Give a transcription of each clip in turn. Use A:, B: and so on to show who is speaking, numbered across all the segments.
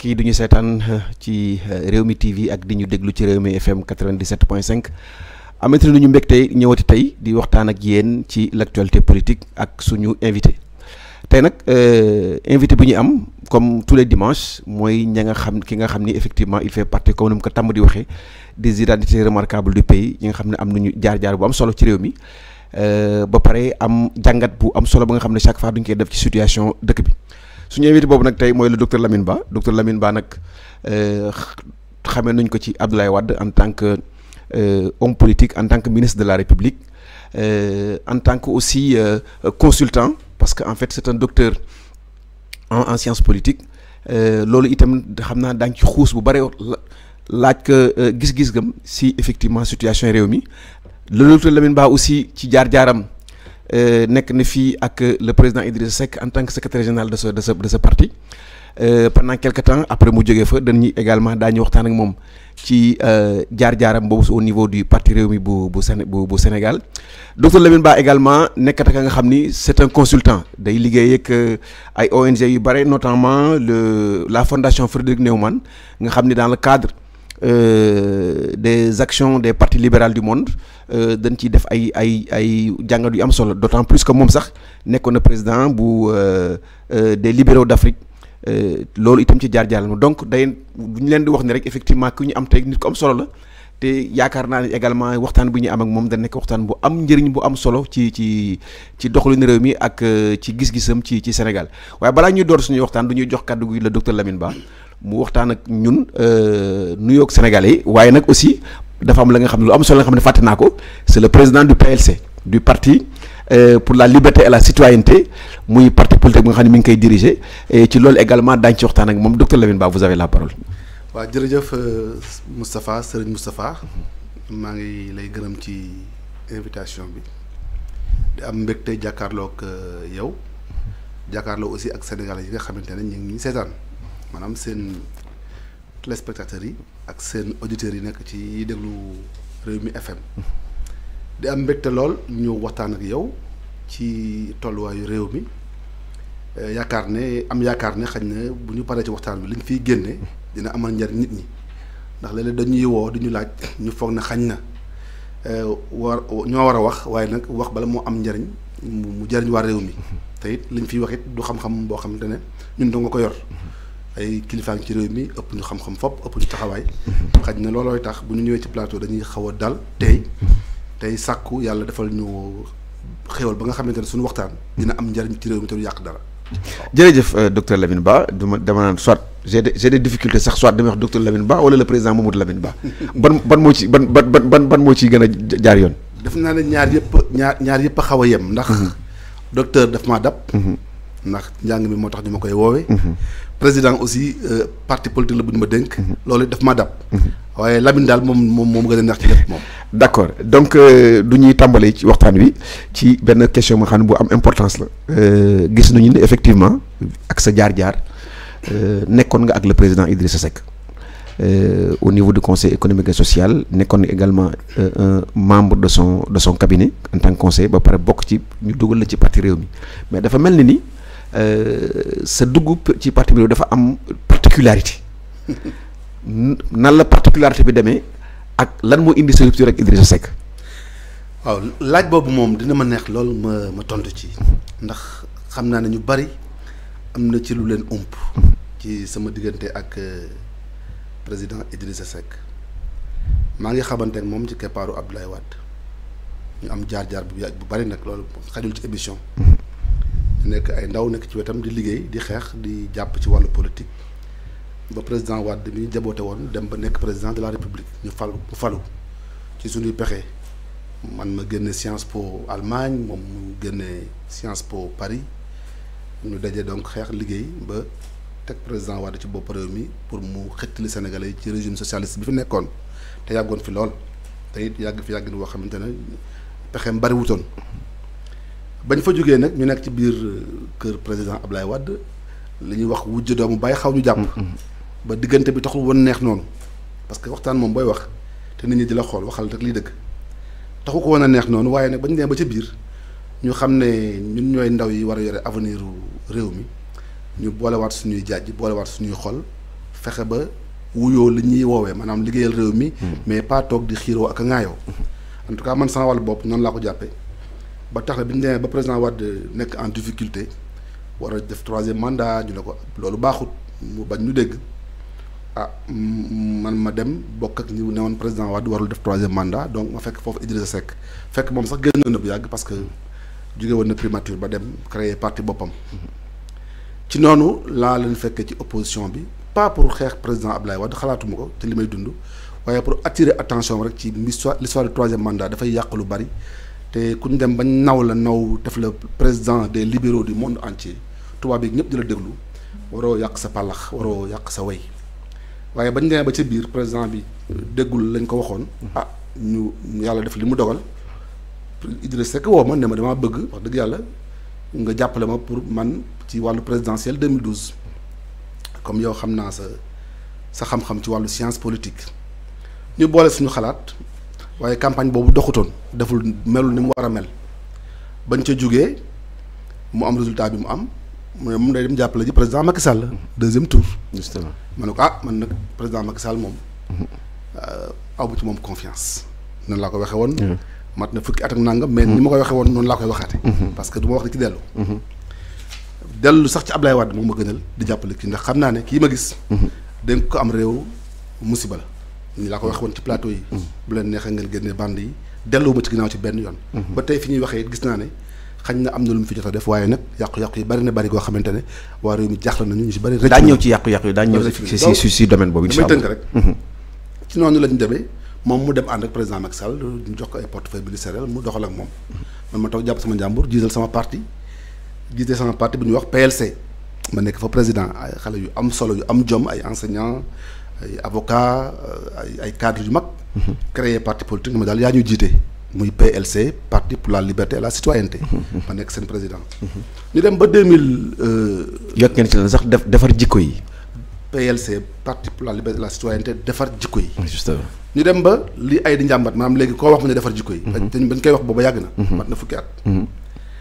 A: mbokk yi du ñu seetaan euh, ci euh, Rewmi TV ak di ñu déglu ci réew mi FM 97.5 amati lu ñu mbégte ñëwati tey di waxtaan ak yéen ci l'actualité politique ak suñu invité tey nag euh, invité bu ñu am comme tous les dimanches mooy ña nga xam ki nga xam ni effectivement il fait partie comme ni ko tàmm di waxee des identités remarquables du pays yi nga xam ne am nu ñu jaar-jaar bu am solo ci réew mi ba pare am jàngat bu am solo ba nga xam ne chaque fois duñ koy def ci situation dëkk bi. suñu invité boobu nag tey mooy le docteur Lamine Ba docteur Lamine Ba nag euh, xamee nañ ko ci Abdoulaye Wade en tant que euh, homme politique en tant que ministre de la République euh, en tant que aussi consultant parce que en fait c'est un docteur en en politique politiques loolu itam xam naa daañu ci xuus bu bare laaj ko gis-gis gam si effectivement situation réew mi le docteur Lamine Ba aussi ci jaar-jaaram. Euh, nekk na fii ak le président Idrissa Seck en tant que secrétaire général de sa de sa de sa parti euh, pendant quelque temps après mu jóge fa dañuy également daañu waxtaan ak moom ci euh, jaar-jaaram boobu au niveau du parti Rewmi bu bu Séné bu Sénégal docteur Lamine Ba également nekkata ka nga xam ni c'est un consultant day liggéey ak ay ONG yu bare notamment le la fondation Frédéric Neumann nga xam ni dans le cadre Euh, des actions des partis libéraux du monde euh, dañ ciy def ay ay ay jàngat yu am solo d'autant plus que moom sax nekkoon na président bu euh, des libéraux d'Afrique loolu itam ci jaar-jaaram donc day bu ñu leen di wax ni rek effectivement ku ñu am tey nit ku am solo la te yaakaar naa ne également waxtaan bi ñu am ak moom dañ nekk waxtaan bu am njëriñ bu am solo ci ci ci doxalin réew mi ak ci gis-gisam ci ci Sénégal waaye balaa ñuy door suñu waxtaan du ñuy jox kàddu gi la docteur Lamine Ba. mu waxtaan ak ñun euh, nuyoog sénégal yi waaye nag aussi dafa am la nga xam ne lu am solo la nga xam ne fàtte naa ko c'est le président du PLC du parti euh, pour la liberté et la citoyenneté muy parti politique bi nga xam ne mu ngi koy diriger ci loolu également daañu ci waxtaan ak moom docteur Lamine Ba vous avez la parole.
B: waaw jërëjëf euh, Moustapha Serigne Moustapha maa ngi lay gërëm ci invitation bi di am mbégte jàkkaarloog yow jàkkaarloo aussi ak sénégalais yi nga xamante ne ñu ngi seetaan. maanaam seen téléspectateurs yi ak seen auditeurs yi nekk ci déglu réew mi FM di am mbégte lool ñëw waxtaan ak yow ci tolluwaayu réew mi eh, yaakaar ne am yaakaar ne xañ na bu ñu paree ci waxtaan bi liñ ñu génne dina amal njariñ nit ñi ndax léeg-léeg dañuy woo di ñu laaj ñu foog na xañ na eh, war ñoo war a wax waaye nag wax bala moo am njariñ mu jariñ waa réew mi teyit it liñ fiy wax it du xam-xam boo xamante ne ñun danga ko yor ay kilifa ci réew mi ëpp ñu xam-xam fopp ëpp ñu taxawaay mhm. xaj na loolooy tax bu ñu ñëwee ci plateau dañuy xaw a dal tey mhm. tey sàkku yàlla defal ñu xéwal ba nga xamante ne suñu waxtaan dina am njariñ ci réew mi te du yàq dara.
A: jërëjëf euh, docteur Lamine Ba du ma dama naan soit j'ai des sax soit damay wax docteur Lamine Ba wala le président Mamadou Lamine Ba ban ban moo ci ban ban ban ban moo ciy gën a jaar yoon.
B: def naa ne ñaar yëpp ñaar ñaar yëpp a xaw a yem. ndax mhm. docteur daf maa dab. ndax njàng mi moo tax ñu ma koy woowee. président aussi euh, parti politique la bu ñu ma dénk. Mhm. loolu daf ma dab. Mhm. waaye Lamine daal moom moom moom gën a neex ci lépp moom.
A: d' accord donc euh, du ñuy tàmbalee ci waxtaan wi ci benn question nga xam ne bu am importance la. Euh, gis nañu ni effectivement ak sa jaar-jaar nekkoon nga ak le président Idrissa Seck au niveau de conseil économique et social nekkoon également un membre de son de son cabinet en tant que ba pare bokk ci ñu dugal la ci parti réew mi mais dafa mel ni ni. Euh, sa dugg ci parti dafa am particularité nan la particularité bi demee ak lan moo indi sa rupture ak Idrissa Seck.
B: waaw laaj boobu moom dina ma neex lool ma ma tontu ci ndax xam naa ne ñu bari am na ci lu leen ump ci sama diggante ak euh, président sa Seck maa ngi xamante ne moom ci keppaaru Abdoulaye Wade ñu am jaar-jaar bu yàgg bu bari nag loolu xajul ci émission. Mm-hmm. nekk ay ndaw nekk ci wetam di liggéey di xeex di jàpp ci wàllu politique ba président Wade mi ñu jaboote woon dem ba nekk président de la république ñu falu mu falu ci suñuy pexe man ma génne Sciences Po Allemagne moom mu génne Sciences Po Paris ñu dajee donc xeex liggéey ba teg président Wade ci bopp réew mi pour mu xettali Sénégalais yi ci régime socialiste bi fi nekkoon te yàggoon fi lool te it yàgg fi yàgg ni woo xamante ne pexeem bariwutoon bañ fa jógee nag ñu nekk ci biir euh, kër président Ablaye Wade li ñuy wax wujj doomu bàyyi xaw ñu jàpp. Mm-hmm. ba diggante bi taxul woon neex noonu parce que waxtaan moom booy wax te nit ñi di la xool waxal rek lii dëgg taxu ko woon a neex noonu waaye nag bañ nee ba ci biir ñu xam ne ñun ñooy ndaw yi war a yore avenir réew mi ñu boolewaat suñuy jaaj boolewaat suñuy xol fexe ba wuyoo li ñuy woowee maanaam liggéeyal réew mi. Mm-hmm. mais pas di xiiroo ak a ŋaayoo. Mm-hmm. en tout cas man sama wàllu bopp noonu laa ko jàppee. ba tax na bi ñu ba président Wade nekk en war a def troisième mandat ñu la ko loolu baaxut mu bañ ñu dégg ah man ma dem bokk ak ñu ne woon président Wade warul def troisième mandat donc ma fekk foofu Idrissa Seck fekk moom sax génn na bu yàgg parce que jóge woon na primature ba dem créer parti boppam ci noonu laa leen fekkee ci opposition bi pas pour xeex président Ablaye Wade xalaatuma ko te li may dund waaye pour attirer attention rek ci l'histoire l'histoire du troisième mandat dafay yàq lu bari te ku ñu dem ba naw la naw def la président des libéraux du monde entier tubaab yi ñëpp di la déglu waroo yàq sa pàllax waroo yàq sa way waaye bañ demee ba ca biir président bi déggul lañ ko waxoon mhm. ah ñu yàlla def li mu dogal Idriss Seck woo ma ne ma damaa bëgg wax dëgg yàlla nga jàppale ma pour man ci wàllu présidentiel 2012 comme yow xam naa sa sa xam-xam ci wàllu science politique ñu boole suñu xalaat waaye campagne boobu doxutoon deful melul ni mu war a mel bañ ca jugee mu am résultat bi mu am mu ne mun day dem jàppale ji président Macky Sall deuxième tour. justement ma ne ko ah man nag président Macky Sall moom. Euh, aw bu ci moom confiance. noonu laa ko waxee woon. Mm-hmm. mat na fukki at ak nangam. mais ni ma koy waxee woon noonu laa koy waxaate mm-hmm. parce que du ma wax di ci dellu. Mm-hmm. dellu sax ci Ablaye Wade moom ma gënal di jàppale kii ndax xam naa ne kii ma gis. dañ ko am réew musiba ni laa ko wax woon ci plateau yi. bu leen neexee ngeen génne bande yi delloo ma ci ginnaaw ci benn yoon. ba tey fi ñuy waxee gis naa ne xañ na am na lu mu fi jot a def waaye nag yàqu-yàqu yi bari na bari goo xamante ne waa réew mi jaaxle nañu ñu si bari. rëcc daañu ñëw ci yàqu-yàqu yi daañu ñëw ci si si domaine boobu ñu jox ko mu doxal ak moom man ma toog jàpp sama njàmbur jiital sama parti jiite sama parti bu ñuy wax PLC ma nekk fa président ay xale ay avocat ay euh, ay cadres yu mag. créer parti politique ma daal yaa ñu jiite. muy PLC parti pour la liberté la citoyenneté. ma nekk seen président.
A: ñu dem ba deux mille. Euh, yokk ngeen ci la sax def defar jikko yi.
B: PLC parti pour la liberté et la citoyenneté defar jikko yi. ñu dem ba li ay di njàmbat maanaam léegi koo wax mu ne defar jikko yi. Mhm. dañ koy wax booba yàgg na. Mhm. mat na fukki at. Mhm.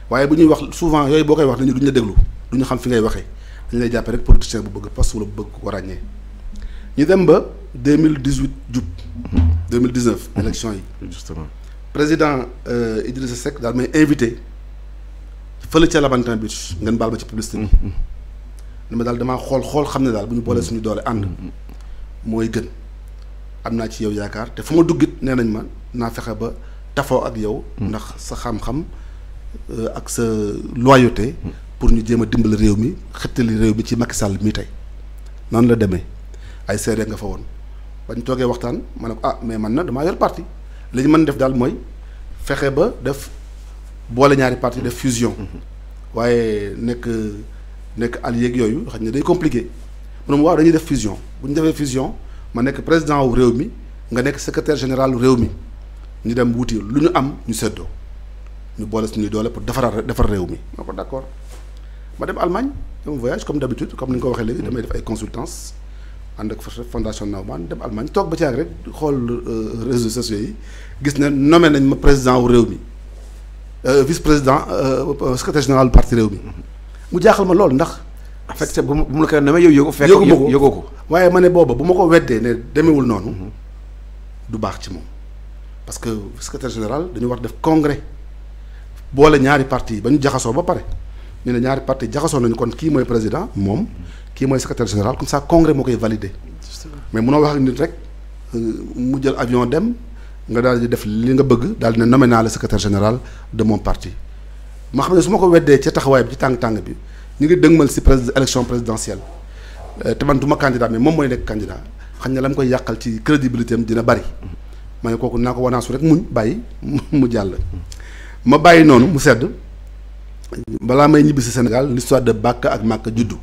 B: waaye bu ñuy wax souvent yooyu boo koy wax nañu duñ la déglu duñu xam fi ngay waxee dañu lay jàppee rek ñu dem ba deux mille dix huit jub. deux mille dix neuf mhm. élection yi. justement président euh, Idrissa Seck daal may invité fële ca Lamantin Beach ngeen baal ma ci publicité bi. Mhm. ni daal damaa xool xool xam ne daal bu ñu boolee mhm. suñu doole ànd. mooy gën am naa ci yow yaakaar te fu ma duggit nee nañ ma naa fexe ba tafoo ak yow. ndax sa xam-xam euh, ak sa loyauté. pour ñu jéem a dimbali réew mi xettali réew mi ci Macky Sall mii tey noonu la demee. ay seede nga fa woon ba ñu toogee waxtaan ma ne ko ah mais man na damaa yor parti li man def daal mooy fexe ba def boole ñaari parti def fusion mm-hmm. waaye nekk nekk allié yooyu xam ne day compliqué mu ne waaw dañuy def fusion bu ñu defee fusion ma nekk président wu réew mi nga nekk secretaire général réew mi ñu dem wuti lu ñu am ñu seddoo ñu boole suñuy doole pour defaraat defar réew mi ma ko d'accord ma dem Allemagne dama voyage comme d'habitude comme waxee léegi damay def ay consultance ànd ak fondation Naumann dem Allemagne toog ba ci yàgg rek xool euh, réseaux sociaux yi gis ne nommé nañ ma président wu réew mi euh, vice président euh, secrétaire général parti réew mi mu jaaxal ma lool ndax.
A: en fait bu mu la koy nommé yow yëgu fekk yëgoo ko
B: waaye ma ne booba bu ma ko weddee ne demewul noonu mhm. du baax ci moom parce que secrétaire général dañu war def congrès boole ñaari parti yi ba ñu jaxasoo ba pare ñu ne ñaari parti jaxasoo nañu kon kii mooy président moom kii mooy secrétaire général comme ça congrès moo koy validé mais munoo wax ak nit rek euh, mu jël avion dem nga daal di def li nga bëgg daal di ne nommé naa général de mon parti ma xam ne su ma ko weddee ca taxawaay bi ci tàng-tàng bi ñu ngi mal si prés élection présidentielle euh, te man ma candidat mais moom mooy nekk candidat xam ne la mu koy yàqal ci crédibilité am dina bari ma kooku naa ko wanaasu rek mu bàyyi mu jàll ma bàyyi noonu mu sedd balaa may ñibbi si Sénégal l'histoire de ak Makka juddu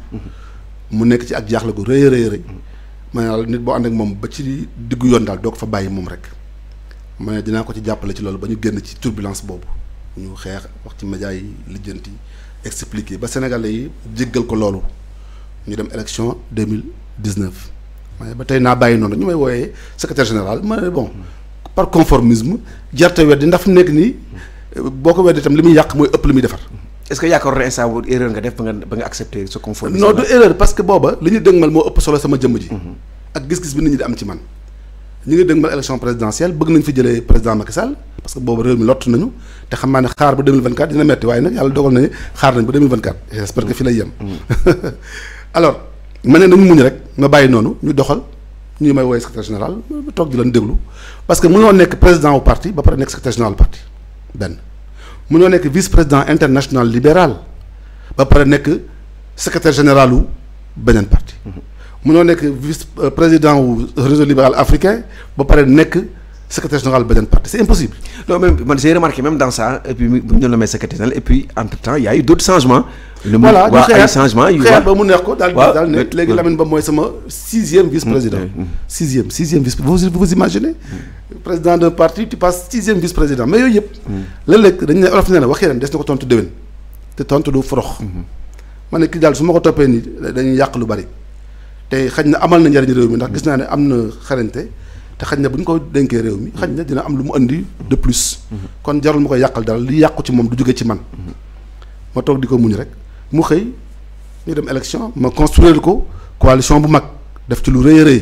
B: mu nekk ci ak jaaxle ko rëy rëy rëy ma ne daal nit boo ànd ak moom ba ci diggu yoon daal doo ko fa bàyyi moom rek ma ne dinaa ko ci jàppale ci loolu ba ñu génn ci turbilance boobu ñu xeex wax ci média yi lijjanti expliqué ba Sénégalais yi jéggal ko loolu ñu dem élection deux mille dix neuf ma ne ba tey naa bàyyi noonu ñu may wooyee secrétaire général ma ne bon par conformisme jarte weddi ndax fu nekk nii boo ko weddi itam li muy yàq mooy ëpp li muy defar. est-ce que yaakaar naa instant bu erreur nga def ba nga ba accepter
A: sa conformisme. non du
B: erreur parce que booba li ñu dëgmal moo ëpp solo sama jëmm ji. Mhm. ak gis-gis bi nit ñi di am ci man. ñu ngi dëgmal élection présidentielle bëgg nañ fi jëlee président Macky Sall parce que boobu réew mi lott nañu te xam naa ne xaar ba 2024 dina metti waaye nag yàlla dogal nañu xaar nañ ba 2024. j'espère que fi lay yem. Mhm. alors ma ne nañu muñ rek ma bàyyi noonu ñu doxal ñu may woowee secrétaire général toog di déglu parce que mënoo nekk président parti ba pare nekk secrétaire général mënoo nekk vice président international libéral ba pare nekk secretaire général wu beneen parti. Mhm. mënoo nekk vice euh, président wu réseau libéral
A: africain ba pare nekk. secrétaire général beneen parti c'est impossible. non même man j'ai général et puis entre temps y a eu d'autres changements. lu mu waa ay ba mu neex ko daal di daal ne
B: Ba mooy sama sixième vice président. Mm,
A: mm, mm. sixième
B: sixième vice vous vous imaginez. président d'un parti tu passes sixième vice président mais yooyu yëpp. léeg-léeg dañu ne olof nee na waxee des na ko tontu déwén te tontu du forox. ma ne kii daal su ma ko toppee nii dañuy yàq lu bari te xaj na amal na njariñ réew mi ndax gis naa ne am na xarañte. te xaj na bu ñu ko dénkee réew mi xaj na dina am lu mu andi de plus kon jarul ma ko yàqal dara li yàqu ci moom du jóge ci man ma toog di ko muñ rek mu xëy ñu dem élection ma construire ko coalition bu mag def ci lu rëy a rëy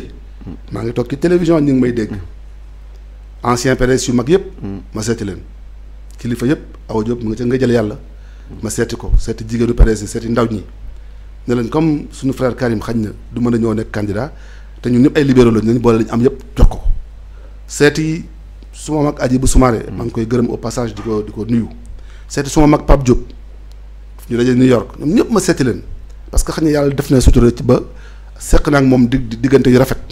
B: maa ngi toog ci télévision ñu ngi may dégg ancien PDS yu mag yëpp ma seeti leen kilifa yëpp Awa Diop mu nga ca nga jël yàlla ma seeti ko seeti jigéenu PDS seeti ndaw ñi ne leen comme suñu frère Karim xañ na du mën a ñëw nekk candidat te ñun ñëpp ay libéraux lañ nañ boole lañ am yëpp jox ko seeti suma mag aji bu Soumaré. Hmm. maa ngi koy gërëm au passage di ko di ko nuyu. seeti suma mag Pape Diop ñu daje New York ñoom ñëpp ma seeti leen parce que xam ne yàlla def na sutura ba seq naa moom di diggante yu rafet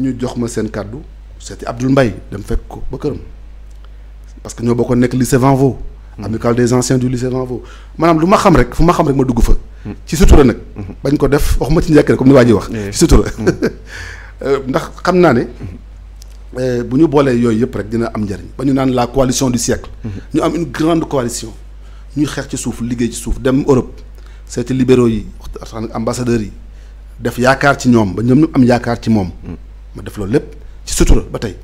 B: ñu jox ma seen kàddu seeti Abdoul mbay dem fekk ko ba këram parce que ñoo bokkoon nekk lycée Vanvo. Hmm. amicale des anciens du lycée Vanvo maanaam lu ma xam rek fu ma xam rek ma dugg fa. ci sutura nag. bañ ko def waxuma ci njëkk comme ni waa ji wax. Eh. ci sutura mm. euh, ndax xam naa ne euh, bu ñu boolee yooyu yëpp rek dina am njëriñ ba ñu naan la coalition du siècle. Mm-hmm. ñu am une grande coalition ñuy xeex ci suuf liggéey ci suuf dem Europe seeti libéraux yi waxtaan ak ambassadeurs yi def yaakaar ci ñoom ba ñoom ñu am yaakaar ci moom. Mm. ma def loolu lépp ci sutura ba tey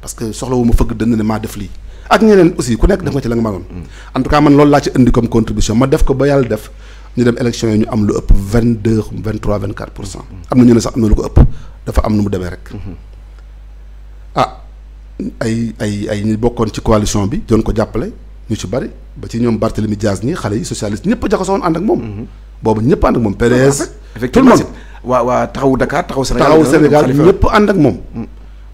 B: parce que soxla wu fëgg dënd ne maa def lii. ak ñeneen aussi ku nekk def nga ci la nga mm. laa indi comme contribution ma def ko ba yàlla def. ñu dem élection yi ñu am lu ëpp vingt deux vingt trois vingt quatre pour cent. am na ñu ne sax am na lu ko ëpp dafa am nu mu demee rek. Mhm. ah ay ay ay ñi bokkoon ci coalition bi doon ko jàppale ñu ci bari ba ci ñoom Barthélemy Diaz ñi xale yi socialiste ñëpp a jaxasoo woon ànd ak moom. Mhm. boobu ñëpp ànd ak moom ah, PDS.
A: effectivement tout waa waa taxawu Dakar taxawu Sénégal taxawu Sénégal ñëpp
B: ànd ak moom. Mm.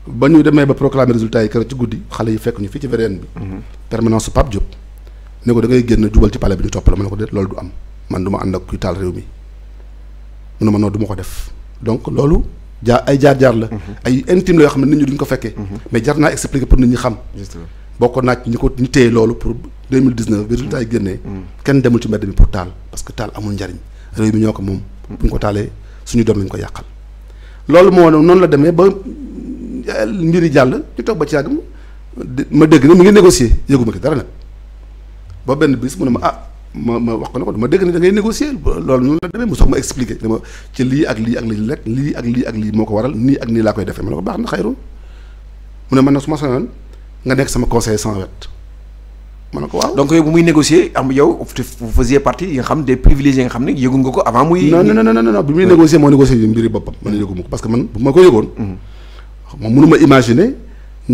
B: ba ñu demee ba proclamer résultat yi keroog ci guddi xale yi fekk ñu fii ci VDN bi. Mhm. permanence su Pape Diop ne ko da ngay génn jubal ci palais bi ko déet loolu du am man du ma ànd ak kuy taal réew mi mu ne ma non du ko def donc loolu jaar ay jaar-jaar la. Mhm. ay intime la yoo xam ne nit ñi duñ ko fekkee. Mhm. mais jar naa expliquer pour nit ñi xam. bokkoon naa ci ñi ko ñi téye loolu pour deux mille dix neuf. résultat yi génnee. Mhm. kenn demul ci mbedd mi pour taal parce que taal amul njariñ réew mi ñoo ko moom. buñ ko taalee suñu doom lañ ko yàqal. loolu moo noonu la demee ba mbir yi jàll ñu toog ba ci yàgg ma dégg ne mu ngi négocier yëgu ma ki dara nag ba benn bis mu ne ma ah. ma ma wax ko ne ko dama dégg ne da ngay négocier loolu noonu la demee mu sox ma expliqué ci lii ak lii ak lii rek lii ak lii ak lii moo ko waral nii ak nii laa koy defee ma ne ko
A: baax na xayrun mu ne man nag su ma sañoon nga nekk sama conseil sans wet ma ne ko waaw donc yooyu bu muy négocier am yow vous faisiez partie yi nga xam de privilégiés nga xam ne yëgu nga ko avant muy non non non non bi muy négocier
B: moo négocier yu mbiri boppam man yëgu ma ko parce ko yëgoon moom mënu ma imaginer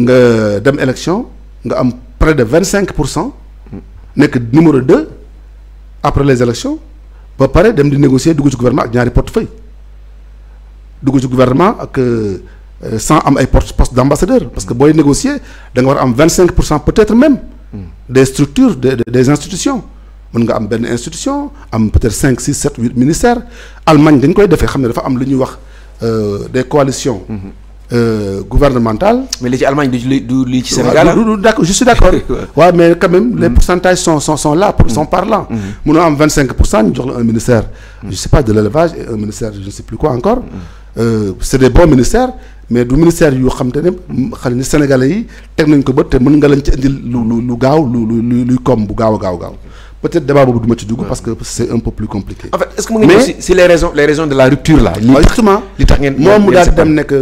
B: nga dem élection nga am près de vingt cinq pour cent mhm. nekk numéro deux après les élections ba pare dem di négocier dugg ci gouvernement ak ñaari portefeuille duggu ci gouvernement ak euh, sans am ay porte poste d' ambassadeur parce que booy négocier da nga war am vingt cinq pour cent peut être même hmm. des structures des des institutions mën nga am benn institution am peut être cinq six sept huit ministères Allemagne dañ koy defee xam ne dafa am lu ñuy wax euh, des coalitions hmm. Euh, gouvernemental
A: mais li ci Allemagne du li ci Sénégal d' accord je suis
B: mais quand même les mm. pourcentages sont sont sont là pour sont mm. parlants. munoo mm. am vingt cinq pour cent ñu jox la un ministère. je sais pas de l' élevage et un ministère je ne sais plus quoi encore. Euh, c' des bons ministères. mais du ministère yoo xam te ne xale ni sénégalais yi teg nañ ko bët te mën nga lañ ci indi lu lu lu gaaw lu lu luy koom bu gaaw a gaaw gaaw peut-être débat boobu du ma ci dugg. parce que c'est un peu plus compliqué. en fait est-ce que mu ngi ñëw
A: si si moom dem nekk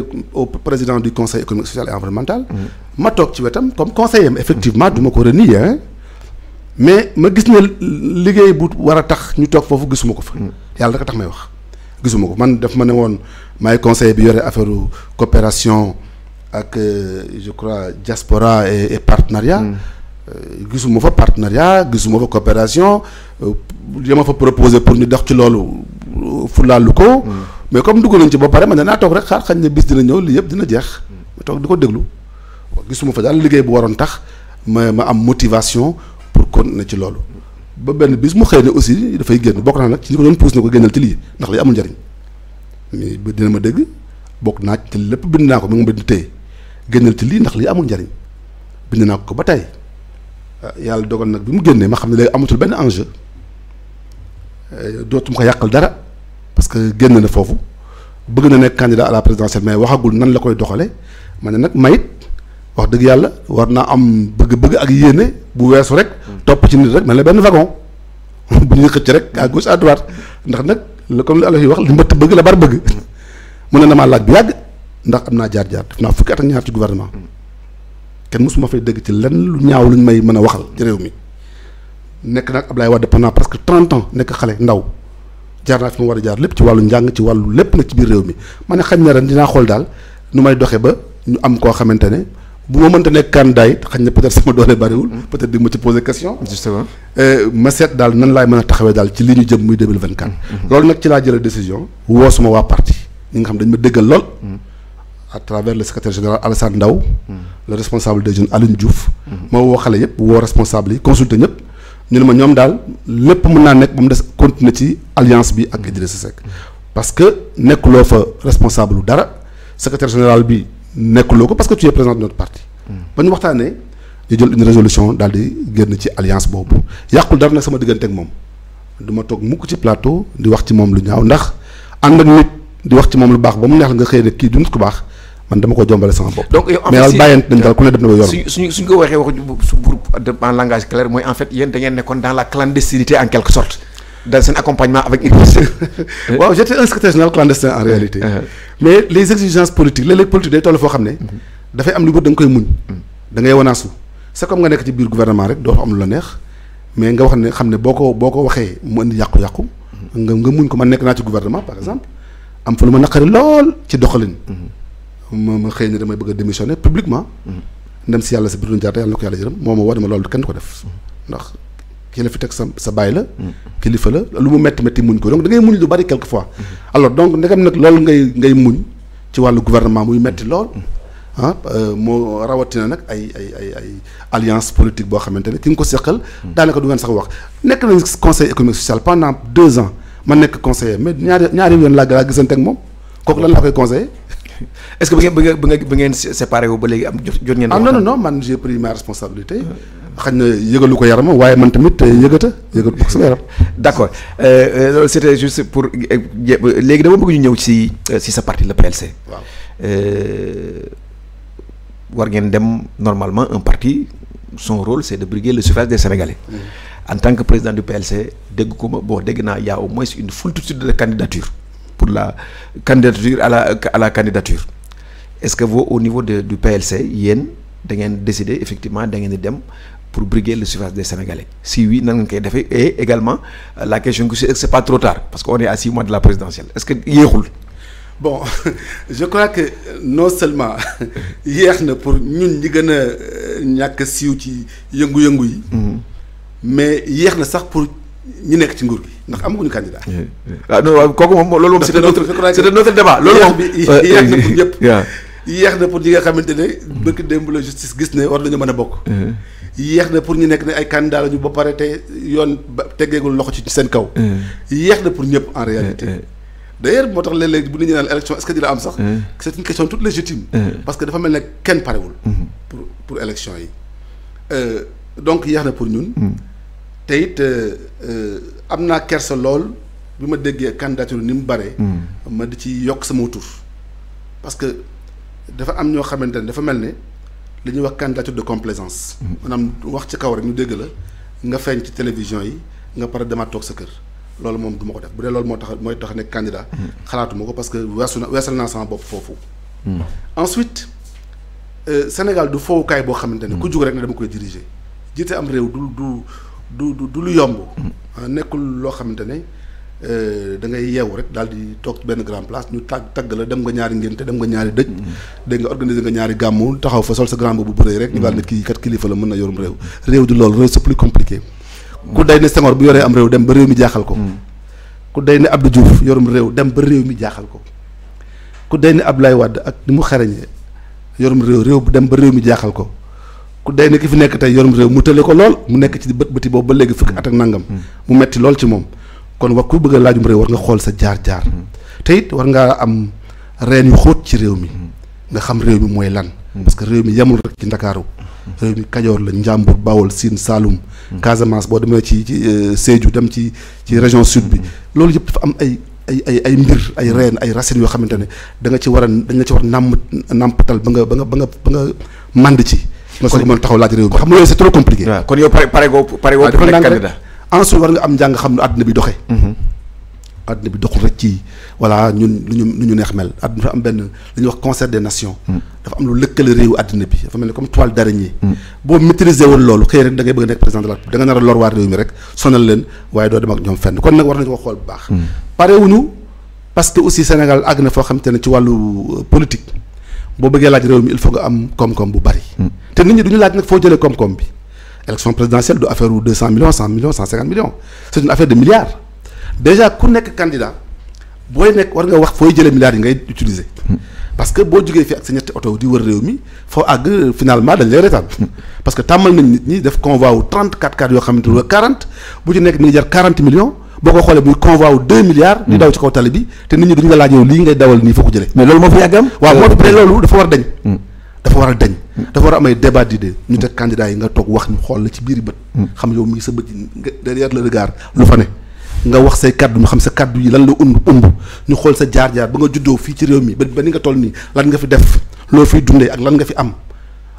A: président
B: du conseil économique social et mm. ma toog ci wetam comme conseiller effectivement du ma ko renier hein. mais ma gis ne liggéey bu war a tax ñu toog foofu gisuma ko fa. Mm. yàlla rek a tax may wax. gisuma ko man daf ma ne woon maay conseil bi yore affaire coopération ak euh, je crois diaspora et et Euh, gisuma fa partenariat gisuma fa coopération li euh, ma fa proposé pour ñu dex ci loolu euh, fulaalu ko. Mm. mais comme dugg nañ ci ba pare man danaa toog rek xaar xañ ne bis dina ñëw li yëpp dina jeex. ma mm. toog di ko déglu gisuma fa daal liggéey bu waroon tax ma ma am motivation pour continuer ci loolu. ba benn bis mu xëy ne aussi dafay génn bokk naa nag ci ñi ko ko génnal ci lii ndax lii amul njariñ mais dina ma dégg bokk naa ci lépp bind naa ko mu ngi ma bind téye génnal ci lii ndax lii amul njariñ bind naa ko ba tey. Euh, yàlla dogal nag bi mu génnee ma xam ne léegi amatul benn enjeu euh, dootum ko yàqal dara parce que génn na foofu bëgg na nekk candidat a la présidentielle mais waxagul nan la koy doxale ma ne nag mayit wax dëgg yàlla war naa am bëgg-bëgg ak yéene bu weesu rek topp ci nit rek mel ne benn wagon bu ñuy xëcc rek à gauche à droite ndax nag la comme li alof yi wax li mbëtt bëgg la bar bëgg mu ne damaa laaj bi yàgg ndax am naa jaar-jaar def naa fukki at ak ñaar kenn mosuma fay dégg ci lenn lu ñaaw ñu may mën a waxal réew mi nekk nag Ablaye Wade pendant presque trente ans nekk xale ndaw jaar naa fi ma war a jaar lépp ci wàllu njàng ci wàllu lépp nag ci biir réew mi ma ne xañ na ren dinaa xool daal nu may doxe ba ñu am koo xamante ne bu ma mënta nekk candidat it xañ na peut-être sama doole bariwul peut-être ma ci question justement euh, ma seet daal nan laay mën a taxawee daal ci li ñu jëm muy 2024 mm-hmm. loolu nag ci laa jëlee décision woo suma waa parti ñi nga xam dañ ma déggal lool mm-hmm. à travers le secrétaire général Alassane Ndaw le responsable des jeunes Aline Diouf ma woo xale yëpp woo responsable yi consulté ñëpp ñu ne ma ñoom daal lépp mën naa nekk ba mu des continuer ci alliance bi ak Idrissa Seck parce que nekkuloo fa responsable lu dara secrétaire général bi nekkuloo ko parce que tu es président de notre parti ba ñu waxtaanee ñu jël une résolution daal di génn ci alliance boobu yàqul dara nag sama diggante ak moom du ma toog mukk ci plateau di wax ci moom lu ñaaw ndax ànd ak nit wax ci moom lu baax mu neex nga xëy ne kii du nit baax man dama ko jombale sama bopp. donc yow en fait si mais bàyyante nañ daal ku ne
A: def na les exigences politiques léeg-léeg politique day toll foo
B: xam ne. Mm-hmm. dafay am lu bëri da nga koy muñ. Mm-hmm. da ngay wanaasu c'est comme nga nekk ci biir gouvernement rek doo fa am lu la neex mais nga wax ne xam ne boo ko boo ko waxee mu indi yàqu-yàqu. Mm-hmm. nga muñ ko ma nekk naa ci gouvernement par exemple am fa lu ma naqari lool ci doxalin. ma xëy na damay bëgg a démissionner publiquement mm-hmm. ndem si yàlla si biir yàlla na ko yàlla yërëm moo ma woo dama loolu kenn du ko def mm-hmm. ndax kii la fi teg sa sa baay la mm-hmm. kilifa la lu mu metti metti muñ ko donc da ngay lu bari quelque fois alors donc ndegam nag loolu ngay ngay muñ ci wàllu gouvernement muy metti lool ah euh, moo rawatina nag ay ay ay ay alliance politique boo xamante ne ki nga ko seqal daanaka du ngeen sax wax nekk nañ conseil économique social pendant deux ans ma nekk conseiller mais ñaari ñaari yoon laa laa gisante ak moom kooku lan laa koy conseiller
A: est-ce que bu ngeen bu ngeen
B: bu ngeen séparé wu ba léegi am jot jot ngeen. ah non non non man j'ai pris ma responsabilité. xañ na yëgalu
A: ko yaram waaye man tamit eh, yëgata yëgatu ko sama yaram. d'accord euh, euh, loolu c'était juste pour euh, léegi dama bëgg ñu ñëw ci ci sa parti le PLC. waaw war ngeen dem normalement un parti son role c'est de briguer le suffrage des Sénégalais. Mm. en tant que président du PLC dégg ko ma boo dégg naa y a au moins une foultitude de candidatures. pour la candidature à la à la candidature est-ce que vous au niveau de du PLC yéen da ngeen décider effectivement da ngeen di dem pour briguer le suffrage des Sénégalais si oui nan ngeen koy defee et également euh, la question que c'est c'est pas trop tard parce qu'on est à six mois de la présidentielle est-ce que yéexul.
B: bon je crois que non seulement yéex na pour ñun ñi gën a euh, ñàkk siiw ci yëngu-yëngu yi. Mhm. mais yéex na sax ñu nekk ci nguur gi ndax amaguñu candidat. waaw eh, eh. ah, non waaw kooku moom loolu moom. c'est notre c'est notre débat loolu moom. yéex na pour nga xamante ne. bëgg démb la justice gis ne war mën a bokk.
A: Eh.
B: yéex na pour ñu nekk ne ay candidat lañu ba pare te yoon ba teggeegul loxo ci seen kaw. yeex na pour ñëpp en réalité. d'ailleurs moo tax léeg-léeg bu nit ñi naan élection est-ce que dina am sax. c'est une question toute légitime. parce que dafa mel ne kenn parewul. Mm-hmm. pour pour élection yi. Euh, donc yeex na pour ñun. Mm. te it euh, euh, am naa kersa lool bi ma déggee candidature ni mu bare. Mm. ma di ci yokk sama tur. parce que dafa am ñoo xamante ne dafa mel ne li wax candidature de complaisance. Mm. maanaam wax ci kaw rek ñu dégg la nga feeñ ci télévision yi nga pare demaat toog sa kër. loolu moom du ma ko def bu dee loolu moo tax mooy tax nekk candidat. Mm. xalaatu ko parce que weesu na weesal naa sama bopp foofu. ensuite euh, Sénégal du foowukaay boo xamante ne. ku jug rek ne dama koy diriger jiite du du du lu yomb. Ah, nekkul loo xamante ne euh, da ngay yeewu rek daal di toog benn grand place ñu tàgg tàgg la dem nga ñaari ngénte dem nga ñaari dëj. Mm-hmm. dégg nga organiser nga ñaari gàmmu taxaw fa sol sa grand boobu bu bëree rek. ñu mm-hmm. daal ne kii kat kilifa la mën na yorum réew. réew di loolu réew c'est plus compliqué. Mm-hmm. ku day ne Senghor bu yoree am réew dem ba réew mi jaaxal ko. ku day ab Abdou Diouf yorum réew dem ba réew mi jaaxal ko. ku day ab Abdoulaye wàdd ak ni mu xarañee yorum réew bu dem ba réew jaaxal ko. ku day ne ki fi nekk tey yor mu réew mu tële ko lool mu nekk ci bët bëti boobu ba léegi fukki at ak nangam hmm. mu metti lool ci moom kon wax ku bëgg a laajum réew war nga xool sa jaar-jaar hmm. te war ngaa am reen yu xóot ci réew mi hmm. nga xam réew mi mooy lan parce que réew mi yemul rek ci ndakaaru réew mi kajoor la njàmbur bawol siin saalum casamance boo demee ci ci euh, Sédhiou dem ci ci région sud bi loolu yëpp dafa am ay ay ay ay mbir ay reen ay racines yoo xamante ne da nga ci war a da nga ci war nàmm nàmpatal ba nga ba nga ba nga ba ci nga soog mën taxaw laaj réew bi mhm. rek ci voilà mm. lu ñu ne comme toile mm. da ngay bëgg nekk président de la République da a lor waa réew leen waaye doo dem ñoom fenn kon nag war nañu ko xool bu baax mm. parewuñu parce aussi Sénégal àgg na foo xam te ci wàllu euh, politique boo bëggee laaj réew mi il faut nga am koom-koom bu bari. Mm. te nit ñi du laaj nag foo jëlee koom-koom bi. élection présidentielle du affaire wu deux cent millions cent millions cent une affaire de milliards déjà ku nekk candidat booy nekk war nga wax fooy jëlee milliards yi ngay utiliser. Mm. parce que boo jógee fii ak sa ñetti oto di wër réew mi foo àgg finalement dañ lay retaan parce que tàmmal nañ nit ñi def convoi wu trente quatre cars yoo xamante ne quarante bu ci nekk mi ngi boo ko xolee muy convoi wu deux milliards di hmm. daw ci kaw tali bi te nit ñi duñu la laaj yow lii ngay dawal nii foo ko jëlee mais loolu moo fi yàggam waaw moo fi loolu dafa war a dañ hmm. dafa war a dañ hmm. dafa war a am ay débat ñu teg candidat yi nga toog wax ñu xool la ci biir biiri bët xam yow mii sa bët yi nga derrière le regard fa ne nga wax say kaddu ñu xam sa kàddu yi lan la und umb ñu xool sa jaar-jaar ba nga juddoo fii ci réew mi ba ba ni nga toll nii lan nga fi def loo fiy dundee ak lan nga fi am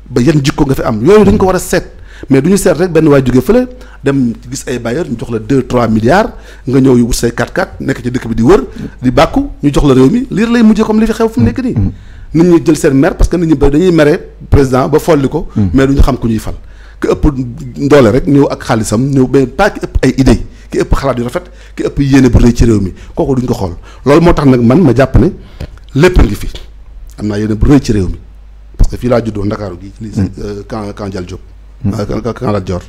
B: ba yan jikko nga fi am yooyu dañ ko war a seet mais du ñu seet rek benn waay jóge fële dem gis ay bailleurs ñu jox la 2 3 milliards nga ñëw yu wut say 4 4 nekk ci dëkk bi di wër di bàkku ñu jox la réew mi lii lay mujjee comme li fi fu nekk nii. nit jël seen maire parce que nit ñi dañuy mere président ba folli ko. mais du ñu xam ku ñuy fal. ëpp doole rek ñëw ak xaalisam ñëw mais pas ëpp ay idées ëpp xalaat yu rafet ëpp yéene bu ci réew mi kooku duñ ko xool loolu moo tax nag man ma jàpp ne lépp ngi fi am naa yéene bu rëy ci réew mi parce que fii laa juddoo Ndakaaru gi. lii mm. euh, camp camp Dial Hmm. ak Lat Dior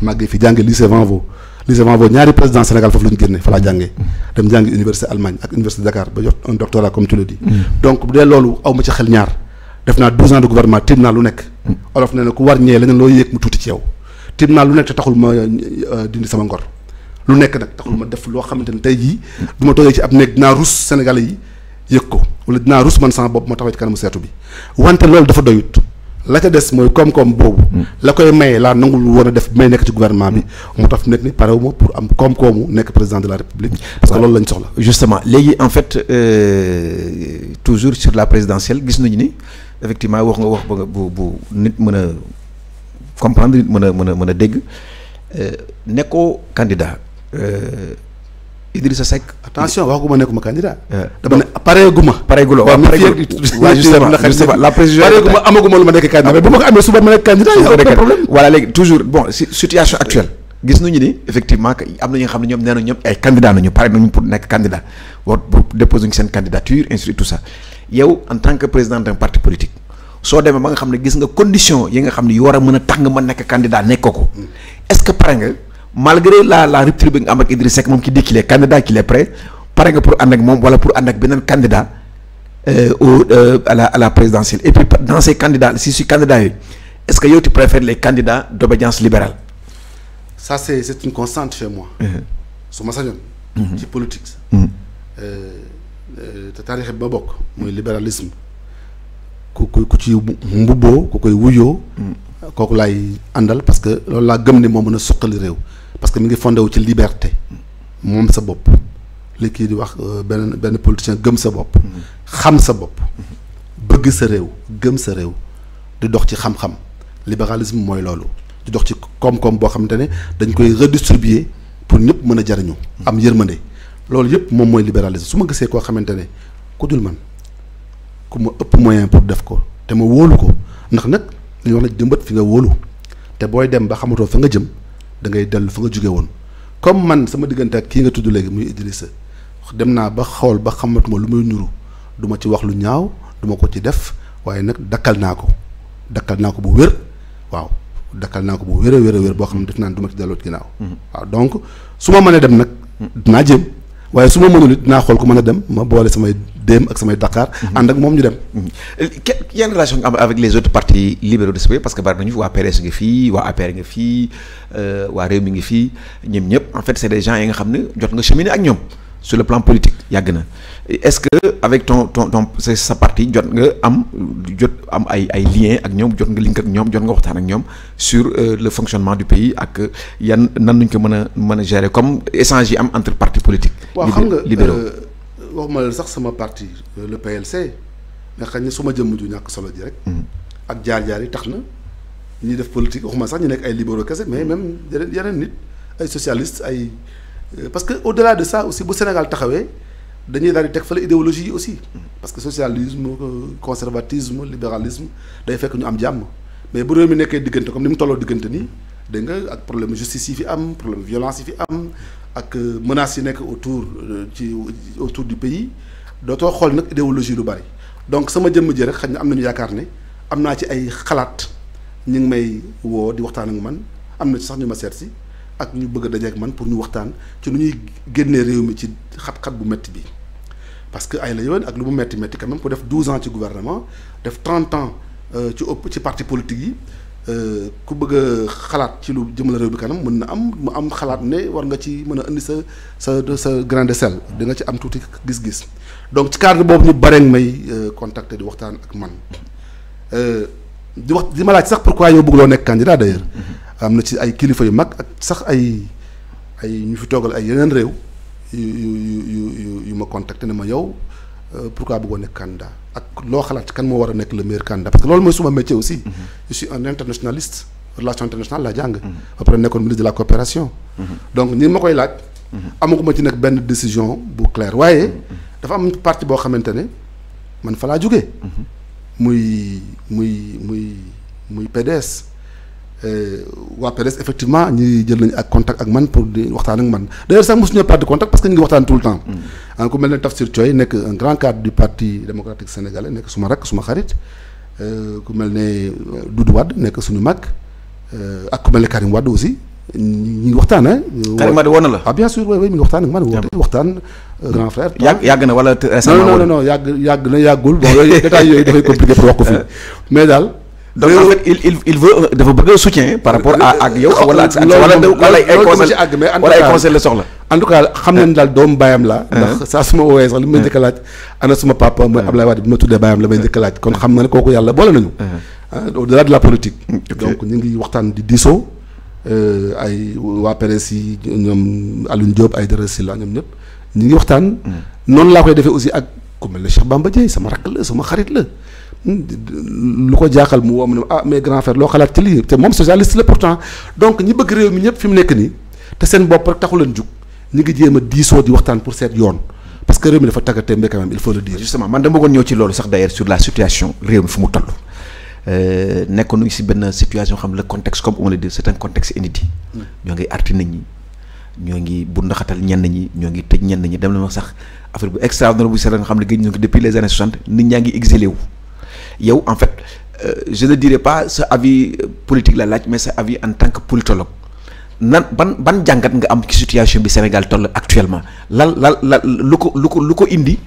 B: màggee hmm. fi jànge lycée Vanvo lycée Vanvo ñaari président Sénégal foofu la ñu génne fa laa jàngee hmm. dem jàngi université Allemagne ak université Dakar ba jot un doctorat comme tu le donc bu dee loolu aw ci xel ñaar def naa douze ans de gouvernement tiim naa lu nekk olof nee na ku war ñee leneen loo yëg mu tuuti ci yow tiim naa lu nekk te taxul ma euh, dindi sama ngor lu nekk nag taxul ma def loo xamante ne tey jii du ma toogee ci ab néeg dinaa rus Sénégalais yi yëg ko wala dinaa rus man sama bopp ma taxawee ci kanamu bi wante loolu dafa doyut la ca des mooy koom-koom boobu. Mm. la koy maye laa nangu lu woon a def may nekk ci
A: gouvernement bi. moo tax fi nekk ni parewu ma pour am koom-koomu nekk président de la république. parce que loolu lañ soxla. justement léegi en fait euh, toujours sur la présidentielle gis nañu ni effectivement wax nga wax ba bu bu nit mën a comprendre nit mën a mën a mën a dégg euh, nekkoo candidat. Euh, Idrissa Seck. attention waxaguma nekkuma candidat. Euh, dama ne pareeguma. pareeguloo waaw pareegul waaw justement justement la précision. pareeguma amaguma lu ma nekk candidat ah, mais bu ma ko amee suba ma nekk candidat yi aucun problème. gis nañu ni effectivement am na ñi xam ne ñoom nee na ñoom ay candidat nañu pare nañu pour nekk candidat war pour yow en tant que président d'un parti politique soo demee ba nga xam ne gis nga condition yi nga xam ne yu war a mën a tax nga mën nekk candidat nekkoo ko hmm. est-ce que pare nga. malgré la la rupture bi nga am ak Idriss Seck moom ki dit qu'il est candidat qu'il est pare nga pour ànd ak moom wala pour ànd ak beneen candidat euh, au euh, à la à la présidentielle et puis dans ces si si candidats yooyu est-ce que yow tu préfères les candidats d'obédience libérale.
B: ça c'est c'est une constante chez moi. Uh-huh. su ma sañoon. Uh-huh. ci politique sa. Uh-huh. Euh, te taarix ba bokk. muy libéralisme. ku ku ku ci mbubboo ku koy wuyoo. kooku laay àndal parce que loolu laa gëm ne moo mën a suqali réew. parce que mi ngi fondé wu ci liberté moom sa bopp li kii di wax euh, benn benn politicien gëm sa bopp xam sa bopp bëgg sa réew gëm sa réew di dox ci xam-xam libéralisme mooy loolu di dox ci koom-koom boo xamante ne dañ koy redistribuer pour ñëpp mën a jariñu am yërmande loolu yëpp moom mooy libéralisme su ma gisee koo xamante ne ku dul man ku ma ëpp moyen pour def ko te ma wóolu ko ndax nag li ñu wax nag jëmbat fi nga wóolu te booy dem ba xamatoo fa nga jëm da ngay dellu fa nga jóge woon comme man sama diggante ak kii nga tudd léegi muy Idrissa dem naa ba xool ba xamatuma lu may nuru duma ci wax lu ñaaw du ko ci def waaye nag dakkal naa ko dakkal naa ko bu wér waaw dakkal naa ko bu wér a wér a wér boo xam ne def naa du ma ci delloot ginnaaw mhm. waaw donc su ma mënee dem nag mhm. dinaa jéem waaye su ma mënul it dinaa xool ku mën a dem ma boole samay dém ak samay Dakar. Mhm. ànd ak moom ñu dem.
A: yan mhm. relation am avec les autres partis libéraux de ce pays parce que bari nañu fi waa PDS nga fii waa APR nga fii euh, waa réew mi ngi fii ñoom ñëpp en fait c' est des gens yi nga xam ne jot nga cheminer ak ñoom sur le plan politique yàgg na est ce que avec ton ton sa parti jot nga am jot am ay ay liens ak ñoom jot nga link ak ñoom jot nga waxtaan ak ñoom sur euh, le fonctionnement du pays ak yan nan nuñ ko mën a mën a gérer comme échange am entre partis politiques. libéraux xam nga.
B: Euh, waxuma la sax sama parti euh, le PLC mais xam na su ma jëmm ju ñàkk solo ji rek. Mm-hmm. ak jaar-jaar yi tax na ñuy def politique waxuma sax ñu nekk ay libéraux kese mais même yeneen yeneen nit ay socialistes ay euh, parce que au-delà de ça aussi bu Sénégal taxawee dañuy daal di teg fële idéologie yi aussi. Mm-hmm. parce que socialisme euh, conservatisme libéralisme day fekk ñu am jàmm mais bu réew mi nekkee diggante comme ni mu tolloo diggante nii dégg nga ak problème justice yi fi am problème violence fi am. ak menaces yi nekk autour euh, ci autour du pays dootoo xool nag idéologie lu bari donc sama jëmm ji rek xaj na am nañu yaakaar ne am naa ci ay xalaat ñu ngi may woo di waxtaan a ak man am na sax ñu ma seet si ak ñu bëgg a dajeek man pour ñu waxtaan ci nu ñuy génnee réew mi ci xat-xat bu métti bi parce que ay la yoon ak lu mu métti métti quand même pour def douze ans ci gouvernement def trente ans euh, ci ëpp ci parti politique yi Euh, ku bëgg a xalaat ci lu jëmale réew bi kanam mën na am mu am xalaat ne war nga ci mën a indi sa sa sa grain de sel nga ci am tuuti gis-gis donc ci cadre boobu ñu bare may euh, contacter di waxtaan ak man euh, di wax di ma laaj sax pourquoi yow bëgg loo nekk candidat d'ailleurs mm-hmm. am na ci ay kilifa yu mag ak sax ay ay ñu fi toogal ay yeneen réew yu yu yu yu ma contacter ne ma yow. Euh, pourquoi bëggoo ne candidat ak loo xalaat kan moo war a nekk le meilleur candidat parce que loolu mooy suma métier aussi. Mm-hmm. je suis un internationaliste relation internationale laa jàng. ba mm-hmm. pare nekkoon ministre de la coopération. Mm-hmm. donc ni ma koy laaj. ma ci nag benn décision bu claire waaye. dafa am parti boo xamante ne man fa laa jógee. muy muy muy muy PDS. Euh, waa PDS effectivement ñi jël nañu ak contact ak man pour di waxtaan ak man d'ailleurs sax mosuñu perdre contact parce que ñu ngi waxtaan tout le temps. en mm. ah, ku mel ne Tafsir Thioye nekk un grand cadre du parti démocratique sénégalais nekk suma rakk suma xarit euh, ku mel ne euh, Doudou Wade nekk suñu mag ak ku mel ne Karim Wade aussi ñu ngi waxtaan ah. Karim Wade woon na la. ah bien sûr oui oui mi ngi waxtaan ak man. woote waxtaan grand frère.
A: yàgg na wala récemment. non non yàgg yàgg na yàggul bon yooyu détails yooyu dafay compliqué pour wax ko daal. donc en fait il euh, dafa bëgg soutien par rapport à ak yow. Ah, wala ak wala wala ay conseils wala ay conseils la soxla.
B: en tout cas xam nañ ah. daal doomu baayam la ah. ndax saa su ma woowee sax li may njëkk laaj ana suma papa mooy Ablaye Wade bi ma tuddee baayam la may njëkk a laaj kon xam na ne kooku yàlla boole nañu. au-delà de la politique. donc ñu ngi waxtaan di diisoo euh, ay waa PDS yi ñoom Alioune Diop ay Aïdara Sylla ñoom ñëpp ñu ngi waxtaan. noonu laa koy defee aussi ak ku mel ne Cheikh Bamba Dièye sama rakk sama xarit la. lu ko jaaxal mu woo mu ne ah, mais grand frère loo xalaat ci te moom socialiste la pourtant donc ñi bëgg réew mi ñëpp fi nekk nii te seen bopp rek taxu leen jug ñu ngi jéem a diisoo di waxtaan pour seet yoon parce que
A: réew mi dafa tàggatee mais quand même il faut le dire. justement man dama bëggoon ñëw mu toll. Euh, nekkoon nañu si benn situation xam le contexte comme on le dit c'est un mm. ñoo ngi arti nit ñi ñoo ngi bundaxatal ñenn ñi ñoo ngi tëj ñenn ñi dem nañu sax affaire bu extraordinaire bu seet nga xam ne gëj nañu ko wu. yow en fait euh, je ne dirais pas sa avis euh, politique la laaj mais sa avis en tant que politologue nan ban ban jàngat nga am ci situation bi Sénégal toll actuellement lan lan la lu ko lu ko lu ko indi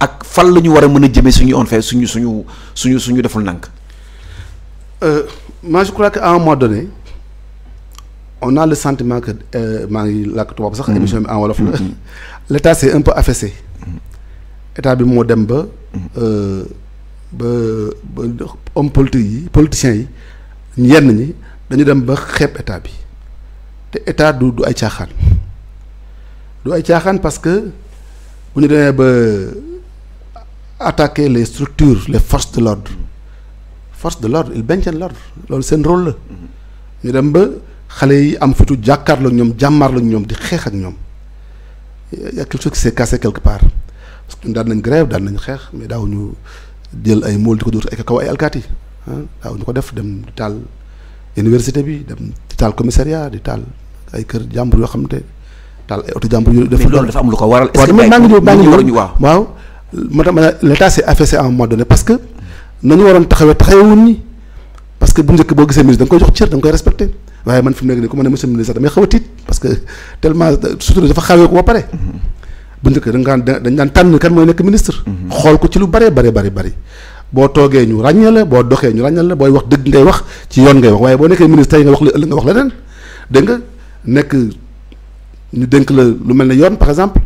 A: ak fan la ñu war a mën a jëmee suñu on fait suñu suñu suñu suñu deful nànk. Euh, moi je crois que à un moment donné on a le
B: sentiment que euh, maa ngi làkk tubaab sax mm-hmm. émission bi en wolof la mm-hmm. l' état c' est un peu affaissé mm-hmm. état bi moo dem ba. ba ba homme politique yi politiciens yi yenn ñi dañu dem ba xeeb état bi te état du du ay caaxaan du ay caaxaan parce que bu ñu demee ba attaquer les structures les forces de l'ordre forces de l'ordre ils maintiennent l'ordre loolu seen role la ñu dem ba xale yi am fitu jàkkaarloo ak ñoom jàmmaarloo ak ñoom di xeex ak ñoom y a quelque chose qui quelque part parce daan nañ grève daan nañ xeex mais ñu jël ay mool di ko dóor ay kaw ay alkaati waaw ah, ñu ko def dem di taal université bi dem di taal commissariat di taal ay kër jàmbur yoo xam te taal ay oto jàmbur yu def loolu dafa lu ko waral est-ce que maa ngi ñëw maa ngi ñëw waaw ma tax ma ne l'état s'est affaissé à un parce que nañu waroon taxawee taxawewuñ ñi parce que bu njëkk boo gisee ministre da nga koy jox cër da nga koy respecté waaye man fi mu nekk nii ku ma ne monsieur ministre damay xaw parce que tellement surtout dafa xawee ko ba bu njëkk dañ daan dañ daan tànn kan mooy nekk ministre. Mhm. xool ko ci lu bare bare bare bari boo toogee ñu ràññee boo doxee ñu ràññee la booy wax dëgg ngay wax ci yoon ngay wax waaye boo nekkee ministre tey nga wax la ëllëg nga wax leneen dégg nga nekk ñu dénk la lu mel ne yoon par exemple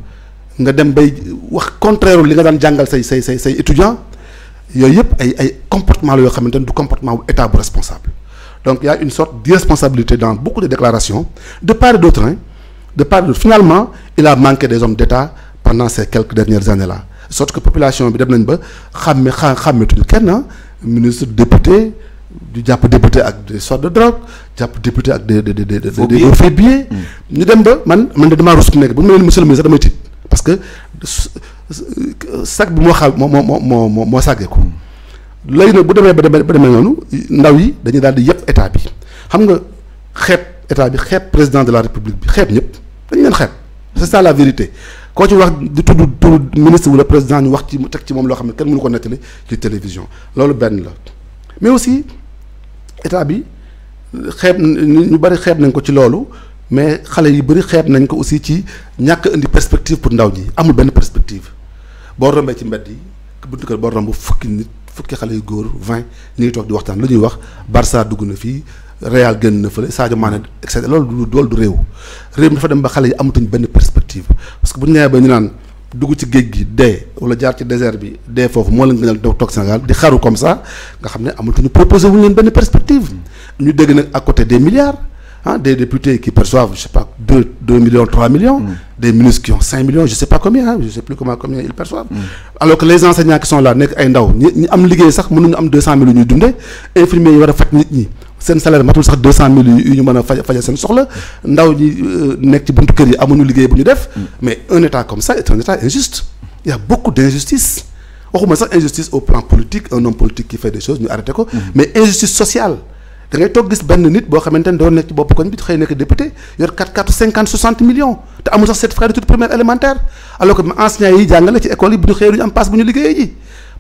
B: nga dem bay wax contraire li nga daan jàngal say say say say étudiant yooyu yëpp ay ay comportement la yoo xamante ne du comportement bu état bu responsable donc y a une sorte d'irresponsabilité dans beaucoup de déclarations de part et d'autre de part finalement il a manqué des hommes d'État pendant ces quelques dernières années là sorte que population bi dem nañ ba xàmme xa xàmmetuñu kenn ministre député du jàpp député ak des sortes de drogue jàpp député ak des des des des des hmm. ñu dem ba man man de damaa rus nekk bu ñu nee monsieur le ministre damay tiit parce que sag bi moo xam moo moo moo moo moo sàggeeku léegi nag bu demee ba demee ba demee noonu ndaw yi dañuy daal di yëpp état bi xam nga xeeb état bi xeep président de la république bi ñëpp. dañ leen xeet c'est ça la vérité koo ci wax di tudd tudd ministre wala président ñu wax ci mu teg ci moom loo xam ne kenn mënu ko nettali ci télévision loolu benn la mais aussi état bi xeeb ñu bëri xeeb nañ ko ci loolu mais xale yi bëri xeet nañ ko aussi ci ñàkk indi perspective pour ndaw ji amul benn perspective boo rombee ci mbedd yi buntu kër boo romb fukki nit fukki xale yu góor vingt ñu ngi toog di waxtaan lu ñuy wax Barça dugg na fii Real génn na fële Sadio Mané et cetera loolu du loolu du réew réew mi dafa dem ba xale yi amatuñ benn perspective parce que bu ñu nee ba ñu naan dugg ci géej gi dee wala jaar ci désert bi dee foofu moo leen gënal toog Sénégal di xaru comme ça nga xam ne amatuñu proposé wuñ leen benn perspective ñu dégg nag à côté des milliards ah, des députés qui perçoivent je pas deux deux millions trois millions. Mm. des ministres qui ont cinq millions je mm. ndaw ñi am liggéey sax mënuñu am deux cent mille ñuy dundee infirmiers yi war a faj seen salaire matul sax deux cent mille yu ñu mën a faj faja seen soxla ndaw ñi euh, nekk ci buntu kër yi amuñu liggéey bu ñu def mm. mais un état comme ça est un état injuste il beaucoup d'injustice waxuma sax injustice au plan politique un homme politique qui fait des choses ñu arrêté ko mm. mais injustice sociale da ngay toog gis benn nit boo xamante ne doo nekk ci bopp koñ bi xëy nekk député yor 4 4 50 60 millions te amul sax certificat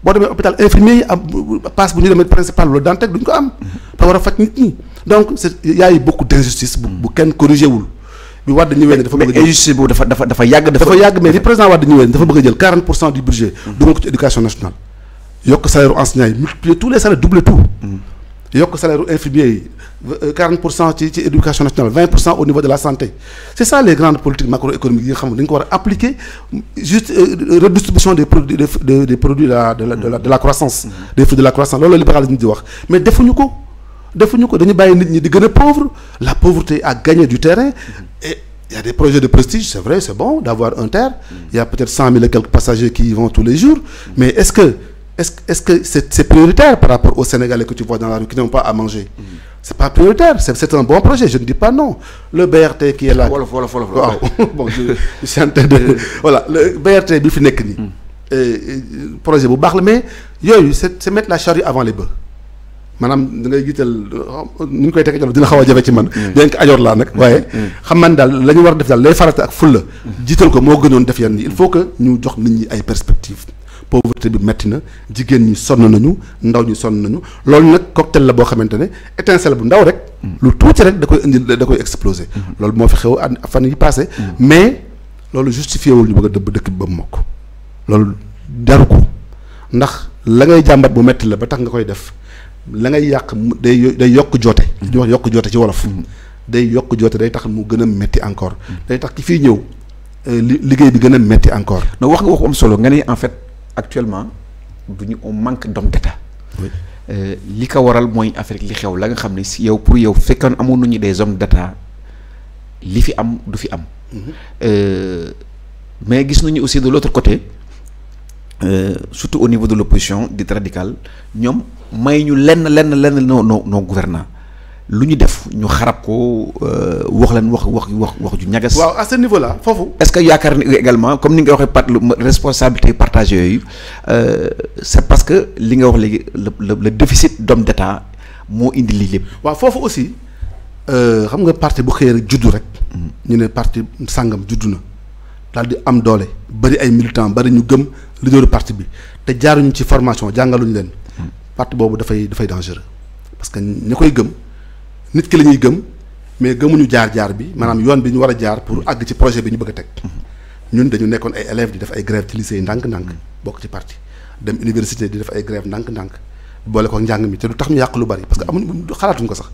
B: boo demee hôpital infirmier yi am passe bu ñu demee principal loolu Dantec duñ ko am te war a faj nit ñi donc c'est yaay beaucoup d'injustice bu bu kenn corrigé wul bi Wade ñëwee ne dafa bëgg a jël injustice boobu dafa yàgg dafa yàgg mais bi président Wade ñëwee ne dafa bëgg a jël 40 pour cent du budget mm. dugal ko ci éducation nationale yokk salaire enseignants yi multiplier tous les salaires double tout mm. yokk salaire infirmier yi 40 euh, pour cent ci ci éducation nationale au niveau de la santé c' ça les grandes politiques macroéconomiques yi nga juste euh, redistribution des produits de la croissance. des fruits de la croissance loolu la libéralisme di wax mais defuñu ko defuñu ko dañu bàyyi di gën pauvre la pauvreté a gagné du terrain et il a des projets de prestige c' vrai c' bon d' un terre il a peut-être 100 000 quelques passagers que. est-ce est-ce que c'est c'est prioritaire par rapport aux Sénégalais que tu vois dans la rue qui n'ont pas à manger mmh. c'est pas prioritaire c'est c'est un bon projet je ne dis pas non le BRT qui est là BRT euh. bi fi nekk nii mm. projet bu baax la mais yooyu c'est c'est mettre la charrue avant les ba manaam da ngay jiital nu ñu koy teg dina xaw a jafe ci man dañ mm. ko ajoor laa nag waaye mm. xam man daal la ñu war a def daal lay farata ak fulla jiital ko moo gënoon def yenn yi il faut que ñu jox nit ñi ay perspectives pauvreté bi metti na jigéen ñi sonn nañu ndaw ñi sonn nañu loolu nag cocktail la boo xamante ne étincelle bu ndaw rek lu tuuti rek da koy indi da koy exploser mm-hmm. loolu moo fi xew fan yi passé mm-hmm. mais loolu justifié wul ñu bëgg a dëbb dëkk bi ba mu mokk loolu jaru ko ndax la ngay jàmbat bu metti la ba tax nga koy def la ngay yàq day day yokk joote ñu mm-hmm. wax yokk joote ci wolof day yokk joote day tax mu gën a
A: metti encore day tax ki fii ñëw euh, liggéey bi gën a metti encore non wax nga fait actuellement du ñu on manque d'homme d'État euh, li ko waral mooy Afrique li xew la nga xam ni si yow pour yow fekkoon amoon nañu des hommes d'État li fi am du fi am. Mhm. Euh, mais gis nañu aussi de l'autre côté euh, surtout au niveau de l'opposition dite radicale ñoom may ñu lenn lenn lenn nos noo nos lu ñu def ñu xarab ko euh, wax leen wax wax wax wax ju ñagas. waaw à
B: ce niveau là foofu.
A: est ce que yaakaar ni également comme ni nga waxee part responsabilité partagée yooyu euh, c' est parce que li nga wax léegi le le déficit d' homme d' état moo indi lii lépp. waaw foofu aussi euh, xam nga parti bu xëyee rek juddu rek.
B: Mm. ñu ne parti sàngam juddu na daal di am doole bari ay militants bari ñu gëm leader parti bi te jaaruñu ci formation jàngaluñu leen. Mm. parti boobu dafay dafay dangereux parce que ñu koy gëm. nit ki la ñuy gëm mais gëmuñu jaar-jaar bi maanaam yoon bi ñu war a jaar pour àgg ci projet bi ñu bëgg a teg ñun dañu nekkoon ay élèves di def ay grève ci lycée yi ndànk-ndànk bokk ci parti dem université di def ay grève ndànk-ndànk boole ko njàng mi te lu tax ñu yàq lu bari parce que amuñ xalaatuñ ko sax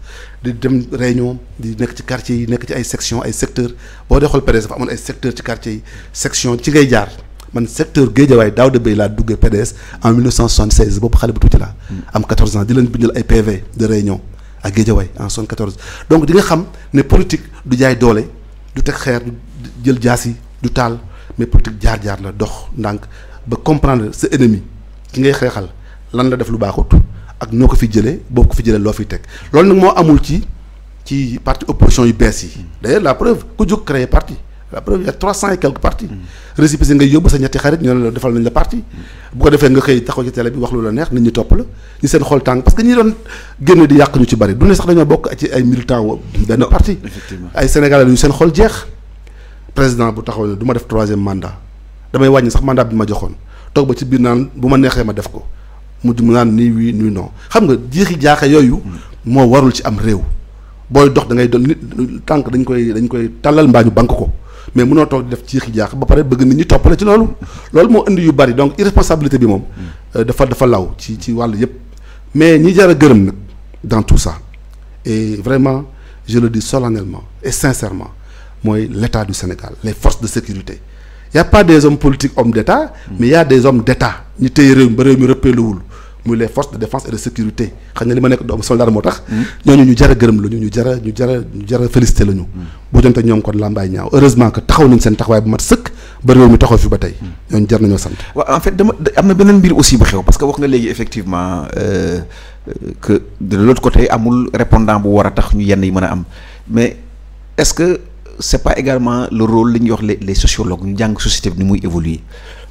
B: di dem réunion di nekk ci quartier yi nekk ci ay section ay secteur boo dee xool PDS dafa amoon ay secteur ci quartier yi section ci ngay jaar man secteur Guédiawaye daaw de béy laa duggee PDS en 1976 boobu xale bu tuuti laa leen bindal ay PV de réunion ak Guédiawaye en 74 donc di nga xam ne politique du jaay doole du teg xeer du jël jaas yi du taal mais politique jaar-jaar la dox ndànk ba comprendre sa ennemi ki ngay xeexal lan la def lu baaxut ak noo ko fi jëlee boo ko fi jëlee loo fi teg loolu nag moo amul ci ci partie opposition yu bees yi d'ailleurs la preuve ku jóg créer parti la preuve il y a trois cent et ñetti xarit ñu ne la defal nañ la parti bu nga xëy taxaw ci télé bi wax lu la neex nit ñi topp la ñu seen xol tàng parce que ñi doon yàq ñu ci bari du ne sax dañoo bokk ci ay militants benn parti ay sénégalais yu seen xol jeex président bu taxaw ne du def troisième mandat damay wàññi sax mandat bi ma joxoon toog ba ci biir naan bu ma neexee ma def ko mujj mu naan nii oui nii xam nga jeexi jaaxe yooyu moo warul ci am réew booy dox dangay ngay doon nit tànk dañ koy dañ koy tàllal mbaa ñu bank ko mais mënoo toog di def ciix jaax ba pare bëgg nit ñi toppale ci loolu loolu moo indi yu bari donc irresponsabilité bi moom hmm. euh, dafa dafa law ci ci wàll yëpp mais ñi jar a gërëm nag dans tout ça et vraiment je le dis solennellement et sincèrement mooy l'état du Sénégal les forces de sécurité y a pas des hommes politiques hommes d'état hmm. mais y a des hommes d'état ñi téye réew mi ba réew mi rëppeeluwul muy les forces de défense et de sécurité xam ne li ma nekk doomu soldat moo tax ñooñu ñu jara gërëm la ñu ñu jara ñu jara ñu jara félicité la ñu boo jonte ñoom kon làmbaay ñaaw heureusement que taxaw nañ seen taxawaay bu mat sëkk ba réew mi taxaw fi ba tey ñooñu jar nañoo sant
A: waaw en fait dama am na beneen mbir aussi bu xew parce que wax nga léegi effectivement euh, que de l'autre côté amul répondant bu war a tax ñu yenn yi mën a am mais est-ce que c'est pas également li ñuy wax les les sociologues ñu jàng société bi ni muy évoluer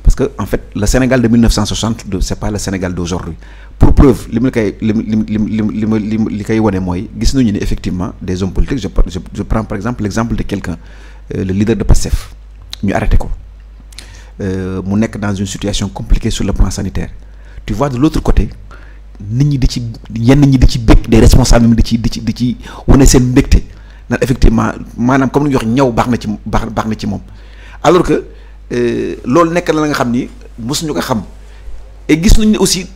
A: parce que en fait le Sénégal de 1960 c'est pas le Sénégal d'aujourd'hui pour preuve li mu koy li mu li mu li mu li mu li mooy gis nañu ne effectivement des hommes politiques je je je prends par exemple l'exemple de quelqu'un euh, le leader de PASTEF ñu arrêté ko euh, mu nekk dans une situation compliquée sur le plan sanitaire tu vois de l'autre côté nit ñi di ci yenn ñi di ci bég de responsables yi di ci di ci di ci wane seen mbégte naan effectivement maanaam comme ni ñu wax ñaw baax na ci baax baax na ci moom Euh, loolu nekk na la nga xam ni mosuñu ko xam et gis nañu aussi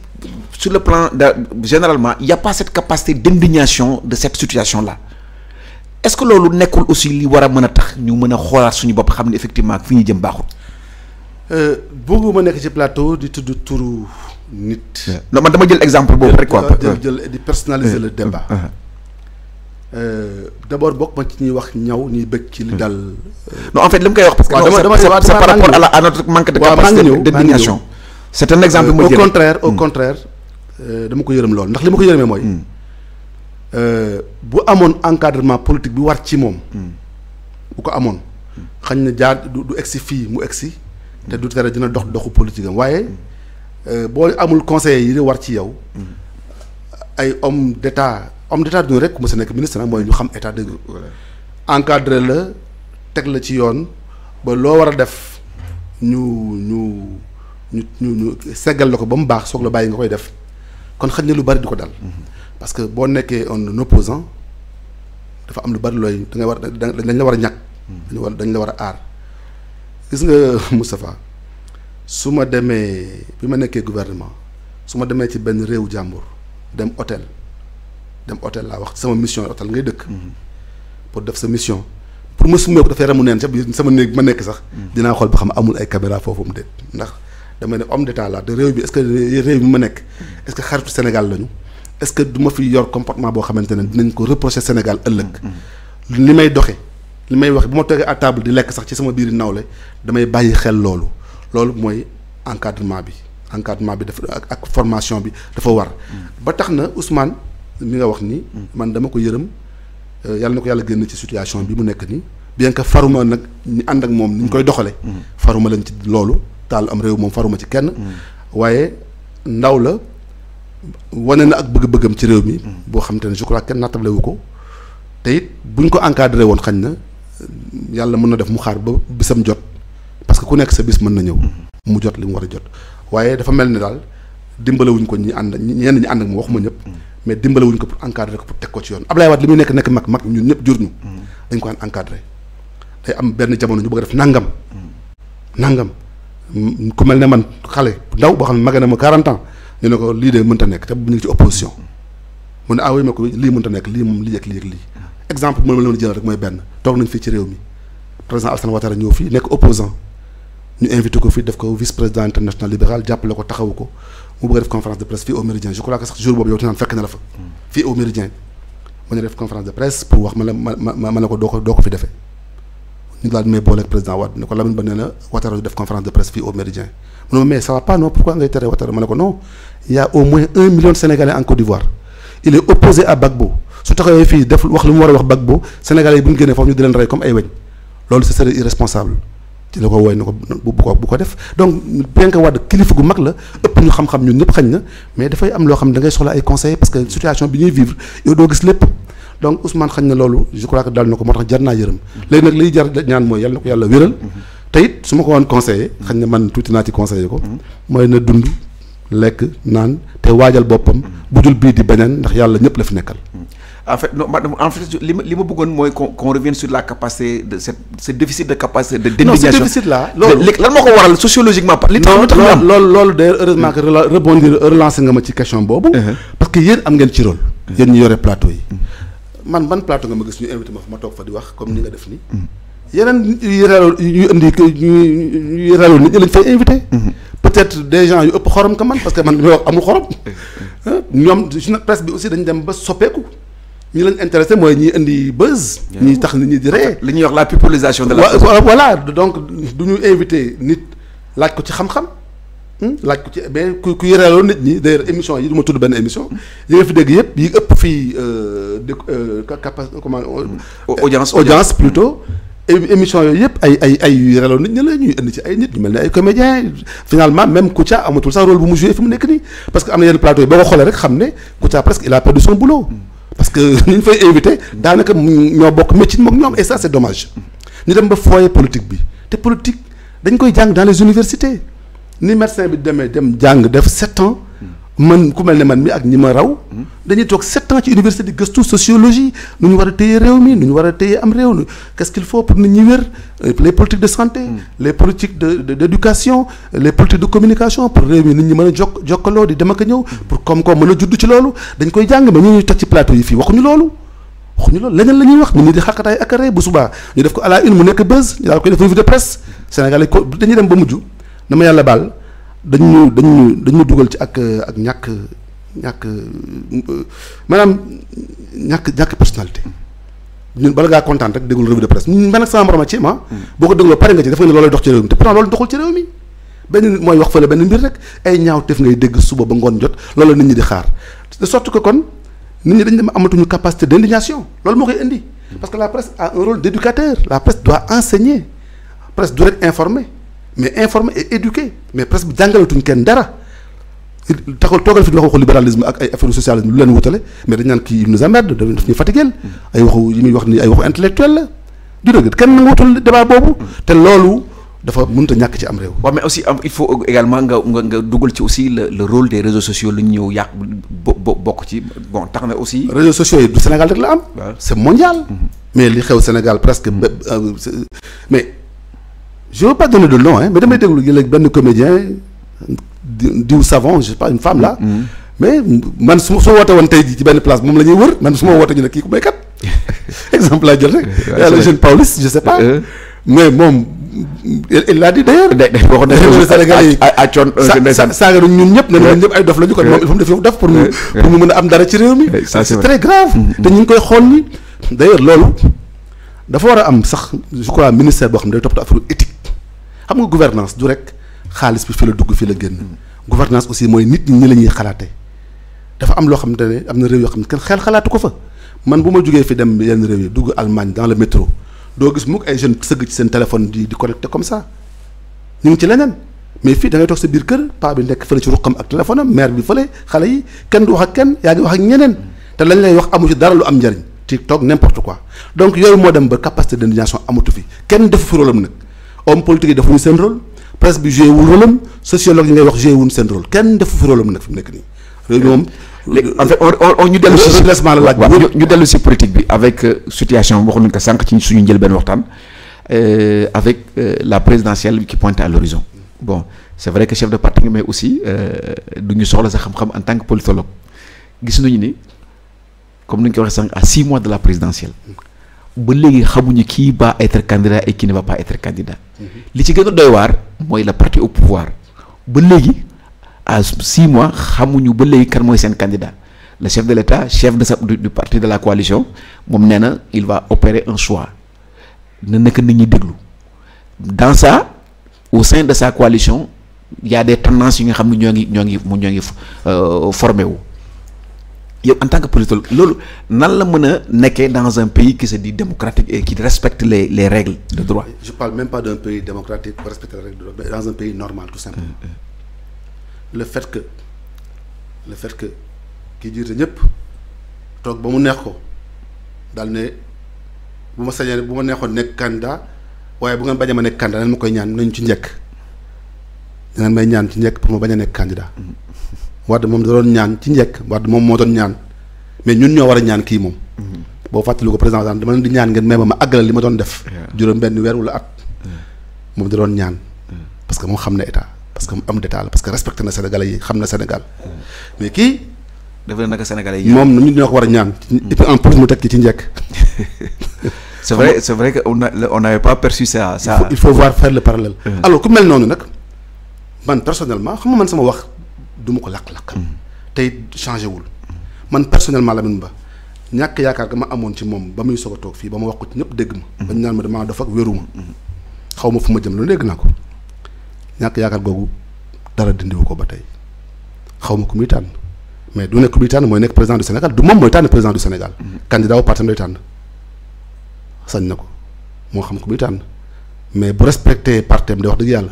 A: sur le plan de généralement il y a pas cette capacité d'indignation de cette situation la est-ce que loolu nekkul aussi li war a mën a tax ñu mën a xoolaat suñu bopp xam ne effectivement fi ñu jëm baaxul.
B: Euh, bëgguma nekk ci plateau di tudd turu nit. non man dama jël exemple boobu rek quoi. jël jël di personnaliser euh, le débat. Euh, d' abord bokk ma ci ñuy wax ñaw ñuy bëgg ci li hmm. dal. Euh, non en fait li mu koy wax. parce que non c'est par rapport à la à notre manque de capacité d'indignation
A: c' est un exemple bi euh, ma au contraire
B: au hmm. contraire dama ko yërëm lool ndax li ma ko yërëmee mooy. Hmm. bu amoon encadrement politique bi war ci moom. bu ko amoon xañ na jaar du du si fii mu egsi te du tere dina dox doxu politique waaye boo amul conseillers yi di war ci yow ay hommes d' homme d'état du rek ku ma sa nekk ministre nag mooy ñu xam état dëgg encadré la teg la ci yoon ba loo war a def ñu ñu ñu ñu ñu seggal la ko ba mu baax soog la bàyyi nga koy def kon xaj na lu bari du ko dal mm-hmm. parce que boo nekkee un opposant dafa am lu bari looy da ngay war dañ la war a ñàkk dañ mm-hmm. dañ la war a aar gis nga Moustapha su ma demee bi ma nekkee gouvernement su ma demee ci benn réewu jàmbur dem hôtel dem hôtel laa wax sama mission hôtel ngay dëkk. pour def sa mission. pour ma sumee ko dafay ramu neen sama néeg ma nekk sax. Mm. dinaa xool ba xam amul ay caméra foofu mu déet ndax dama ne homme d'état laa réew bi est-ce que ma nekk. est que xaritu Sénégal lañu. est-ce que du ma fi yor comportement boo xamante ne dinañ ko reprocher Sénégal ëllëg. Mm. Mm. li may doxe li may waxe bu ma toogee à di lekk sax ci sama biir nawle damay bàyyi xel loolu loolu mooy encadrement bi encadrement bi dafa ak formation bi dafa war. ba tax na Ousmane. mi nga wax ni. man dama ko yërëm euh, yàlla na ko yàlla génn ci situation bi mu nekk nii bien que faruma nag ñu ànd ak moom ni ñu koy doxale faruma lañ ci loolu taal am réew moom faruma ci kenn. waaye ndaw la wane na ak bëgg-bëggam ci réew mi. boo xam te ne je crois kenn nattable ko te it buñ ko encadré woon xañ na yàlla mën na def mu xaar ba bisam jot parce que ku nekk sa bis mën na ñëw. mu jot li mu war a jot waaye dafa mel ni daal dimbalewuñ ko ñi ànd ñenn ñi ànd ak mu waxuma ñëpp. mais dimbalewuñ ko pour encadrer ko pour teg ko ci yoon Ablaye Wade li muy nekk nekk mag mag ñu. dañ ko am benn jamono ñu bëgg a def nangam. nangam ku mel ne man xale ndaw boo xam ne magee na ma 40 ans ñu ne ko lii de mënta nekk te bu ñu ngi ci opposition. mu ah lii nekk lii moom lii ak lii ak lii. exemple bi ma leen jël rek mooy benn toog nañ fii ci réew mi président Alassane Ouattara ñëw fii nekk opposant ñu invité ko fii def ko vice président international libéral jàppale ko taxawu ko. mu bëgg a def conférence de presse fii au Méridien je crois boobu yow ti naan fekk na la fa hmm. fii au Méridien ne def conférence de presse pour wax ma la ma ma ma ne ko doo ko doo mu mais ça pas non pourquoi ngay tere Ouattara ma ne ko non il a au moins un million de Sénégalais en Côte d'Ivoire il est opposé à Gbagbo su taxawee fii def wax lu mu war wax Gbagbo Sénégalais yi bu génnee foofu ñu di rey comme ay weñ loolu ce serait irresponsable ci ko woy na ko bu ko bu ko def donc Priyanka Wade kilifa gu mag la ëpp ñu xam-xam ñun ñëpp xañ na mais dafay am loo xam ne da soxla ay conseils parce que situation bi ñuy vivre yow doo gis lépp donc Ousmane xañ na loolu je crois que daal na ko moo tax jar naa yërëm léegi nag liy jar ñaan mooy yàlla na ko yàlla wéral te it su ma ko woon conseillé xañ na man tuuti naa ci conseillé ko mooy na dund lekk naan te waajal boppam bu dul bii di beneen ndax yàlla ñëpp
A: la fi nekkal en fait non en fait li ma li ma bëggoon mooy qu'on qu'on revienne sur la capacité de cette ce déficit de capacité de déficit là loolu lan moo ko waral sociologiquement li tax lu am
B: loolu loolu d'ailleurs rebondir relancer nga ma ci question boobu uh-huh. parce que yéen am ngeen ci rôle uh-huh. yéen ñu yore plateau yi uh-huh. man ban plateau nga ma gis ñu invité ma fa ma toog fa di wax comme ni nga def ni yeneen yu relo yu indi yu relo nit ñi lañ fay invité que man parce que man li may wax amul dem ba soppeeku ñi leen intéressé mooy ñi indi buzz. ñi tax nit ñi di ree. li ñuy wax la
A: popularisation de la.
B: voilà donc du ñu invité nit laaj ko ci xam-xam. Hmm, laaj ko ci mais ku ku yëreloo nit ñi d'ailleurs émission yi du ma tudd émission fi dégg yëpp yi ëpp fii euh, de euh, capa comment. Euh, audience audience plutôt. émission yooyu yëpp ay ay ay yu yëreloo nit ñi la ñuy indi ci ay nit ñu mel ne ay comédiens finalement même Kouthia amatul sax rôle bu mu joué fi mu nekk nii parce que am na yenn plateau yi boo ko xoolee rek xam ne Kouthia presque il a perdu son boulot. Mm. parce que ni ñu fay invité daanaka ñoo bokk métier moom ñoom et ça c'est dommage ñu dem ba foyer politique bi te politique dañ koy jàng dans les universités ni médecin bi demee dem jàng def sept ans. man ku mel ne man mi ak ñi ma raw hmm. dañuy toog sept ans ci université di gëstu sociologie nu ñu war a téye réew mi nu ñu war a téye am réew mi quest qu'il faut pour nit ñi wér euh, les politiques de santé hmm. les politiques de d'éducation les politiques de communication pour réew mi nit ñi mën a jokk jokkaloo di dem ak ñëw hmm. pour comme ko mën a judd ci loolu dañ koy jàng mais ñu ñuy toj ci plateau yi fii waxuñu loolu waxuñu loolu leneen la ñuy wax nit ñu la une mu nekk buzz ñu daal koy def revue de dem ba mujj na ma yàlla baal dañu ñu dañ ñu dañ ñu dugal ci ak ak ñàkk ñàkk maanaam ñàkk ñàkk personnalité ñun bala ngaa kontaan rek déglu revue de presse man ak sama morom a ci ma hmm. boo ko dégloo pare nga ci dafa nga ne loolay dox ci réew mi te pourtant loolu doxul ci réew mi benn mooy wax fële benn mbir rek ay ñaaw ngay dégg suba ba ngoon jot loolu nit ñi di xaar de sorte que kon nit ñi dañ dem amatuñu capacité d'indignation loolu moo koy indi hmm. parce que la presse a un rôle d'éducateur la presse doit enseigner mais informer et éduquer mais presque jàngalatuñ kenn dara taxul toogal fi ñu wax waxu libéralisme ak ay affaire socialisme lu leen wutale mais dañ naan kii il nous emmerde daf ñu fatigueel ay waxu yi muy wax ni ay waxu intellectuel du dëgg kenn na wutul débat boobu te loolu dafa mënut a ñàkk ci am réew.
A: waaw mais aussi il faut également nga nga nga dugal ci aussi le le rôle des réseaux sociaux lu ñu ñëw yàq bo bokk ci tax na aussi. réseaux sociaux yi du Sénégal rek la mhm. mais li xew Sénégal presque mhm. euh,
B: mais. je veux pas donner de nom hein mais damay déglu léegi benn comédien diw savant je sais pas une femme là. Mm-hmm. mais man su soo woote woon tey jii ci benn place moom la ñuy wër man su ma woote ñu ne kii ku béykat exemple laa jël rek. waaw le jeune euh. mais moom l'a dit d'ailleurs. day day boo ko defee Sénégal yi saaga nañ ñun ñëpp. ne ñun ñëpp ay dof la ñu kon moom il def yow dof pour mu mën a am dara ci réew mi. c'est très grave. Mm-hmm. te ñu ngi koy xool ni d'ailleurs loolu dafa war a am sax je crois boo xam ne day toppatoo xam nga gouvernance du rek xaalis bi fi la dugg fi la génn gouvernance aussi mooy nit ñi la ñuy xalaatee dafa am loo xam ne am na réew yoo xam ne kenn xel xalaatu ko fa man bu ma jógee fi dem yenn réew yi dugg Allemagne dans le doo gis mukk ay jeunes sëgg ci seen téléphone di di connecté comme ça ñu ngi ci leneen mais fii da ngay toog sa biir kër paa bi nekk fële ci ruqam ak téléphone am bi fële xale yi wax ak kenn yaa ngi wax ak ñeneen te lañ lay wax amu ci dara lu am njariñ TikTok n'importe quoi donc yooyu moo dem ba capacité d'indignation amatu fi kenn defu fi rôlam nag homme politique yi defuñu seen rôle presse bi joué wul sociologue yi ngay
A: wax joué seen rôle kenn defu fi rôle nag fi mu nekk nii. réew moom léegi en fait on ñu dellu si redressement la laaj ñu dellu si politique bi avec euh, situation waxoon nañu ko sànq ci suñu njëlbeen waxtaan euh, avec euh, la présidentielle qui pointe à l'horizon bon c'est vrai que chef de parti mais aussi du ñu soxla sa xam-xam en tant que politologue gis nañu ni comme ni ñu ko waxee sànq à six mois de la présidentielle ba léegi xamuñu kii ba être candidat et qui ne va pas être candidat li ci gën a doy waar mooy la parti au pouvoir ba léegi a six mois xamuñu ba léegi kan mooy seen candidat le chef de l'État chef de sa du, du parti de la coalition moom nee na il va opérer un choix na naka nit ñi déglu dans ça au sein de sa coalition il y a yi nga xam ne ñoo ngi ñoo ngi ñoo ngi euh, formé wu yow en tant que politologue loolu nan la mën a nekkee dans un pays qui se dit démocratique et qui respecte les les règles de droit.
B: je parle même pas d'un pays démocratique qui respecte les règles de droit dans un pays normal tout simplement. Mm, mm. le fait que le fait que kii jiite ñëpp toog ba mu neex ko dal ne bu ma sañee bu ma neexoon nekk candidat waaye bu ngeen bañ a ma nekk candidat nan ma koy ñaan nañ ci njëkk dinañ may ñaan ci njëkk pour bañ a nekk candidat. Mm. Wade moom da doon ñaan ci njëkk Wade moom moo doon ñaan mais ñun ñoo war a ñaan kii moom. Mm-hmm. boo fàttali ko président dama leen di ñaan ngeen may ma ma àggale li ma doon def. juróom benn weer wala at. moom da doon ñaan. parce que moom xam na état parce que mu am détail parce que respecté na Sénégalais yi xam na Sénégal. mais kii.
A: daf leen naka Sénégalais yi. moom
B: ñun ñoo ko war a ñaan. Mm-hmm. et puis en plus mu teg ci ci njëkk. c'est vrai c'est
A: vrai que on a on n'avait pas perçu ça ça. il faut il noonu nag man personnellement
B: xam nga man sama wax. du ma ko lakk-lakk tey changé wul man la Lamine Ba ñàkk yaakaar ga ma amoon ci moom ba muy soog a toog fii ba ma wax ko ci ñëpp dégg ma bañ naan ma damaa dof ak wéru ma xaw ma fu ma jëm loolu dégg naa ko ñàkk yaakaar googu dara dindiwu ko ba tey xaw ma ku muy tànn mais du nekk ku muy tànn mooy nekk président du Sénégal du moom mooy tànn président du Sénégal candidat wu parti lay na ko moo xam ku muy tànn mais bu respecté partem de wax dëgg yàlla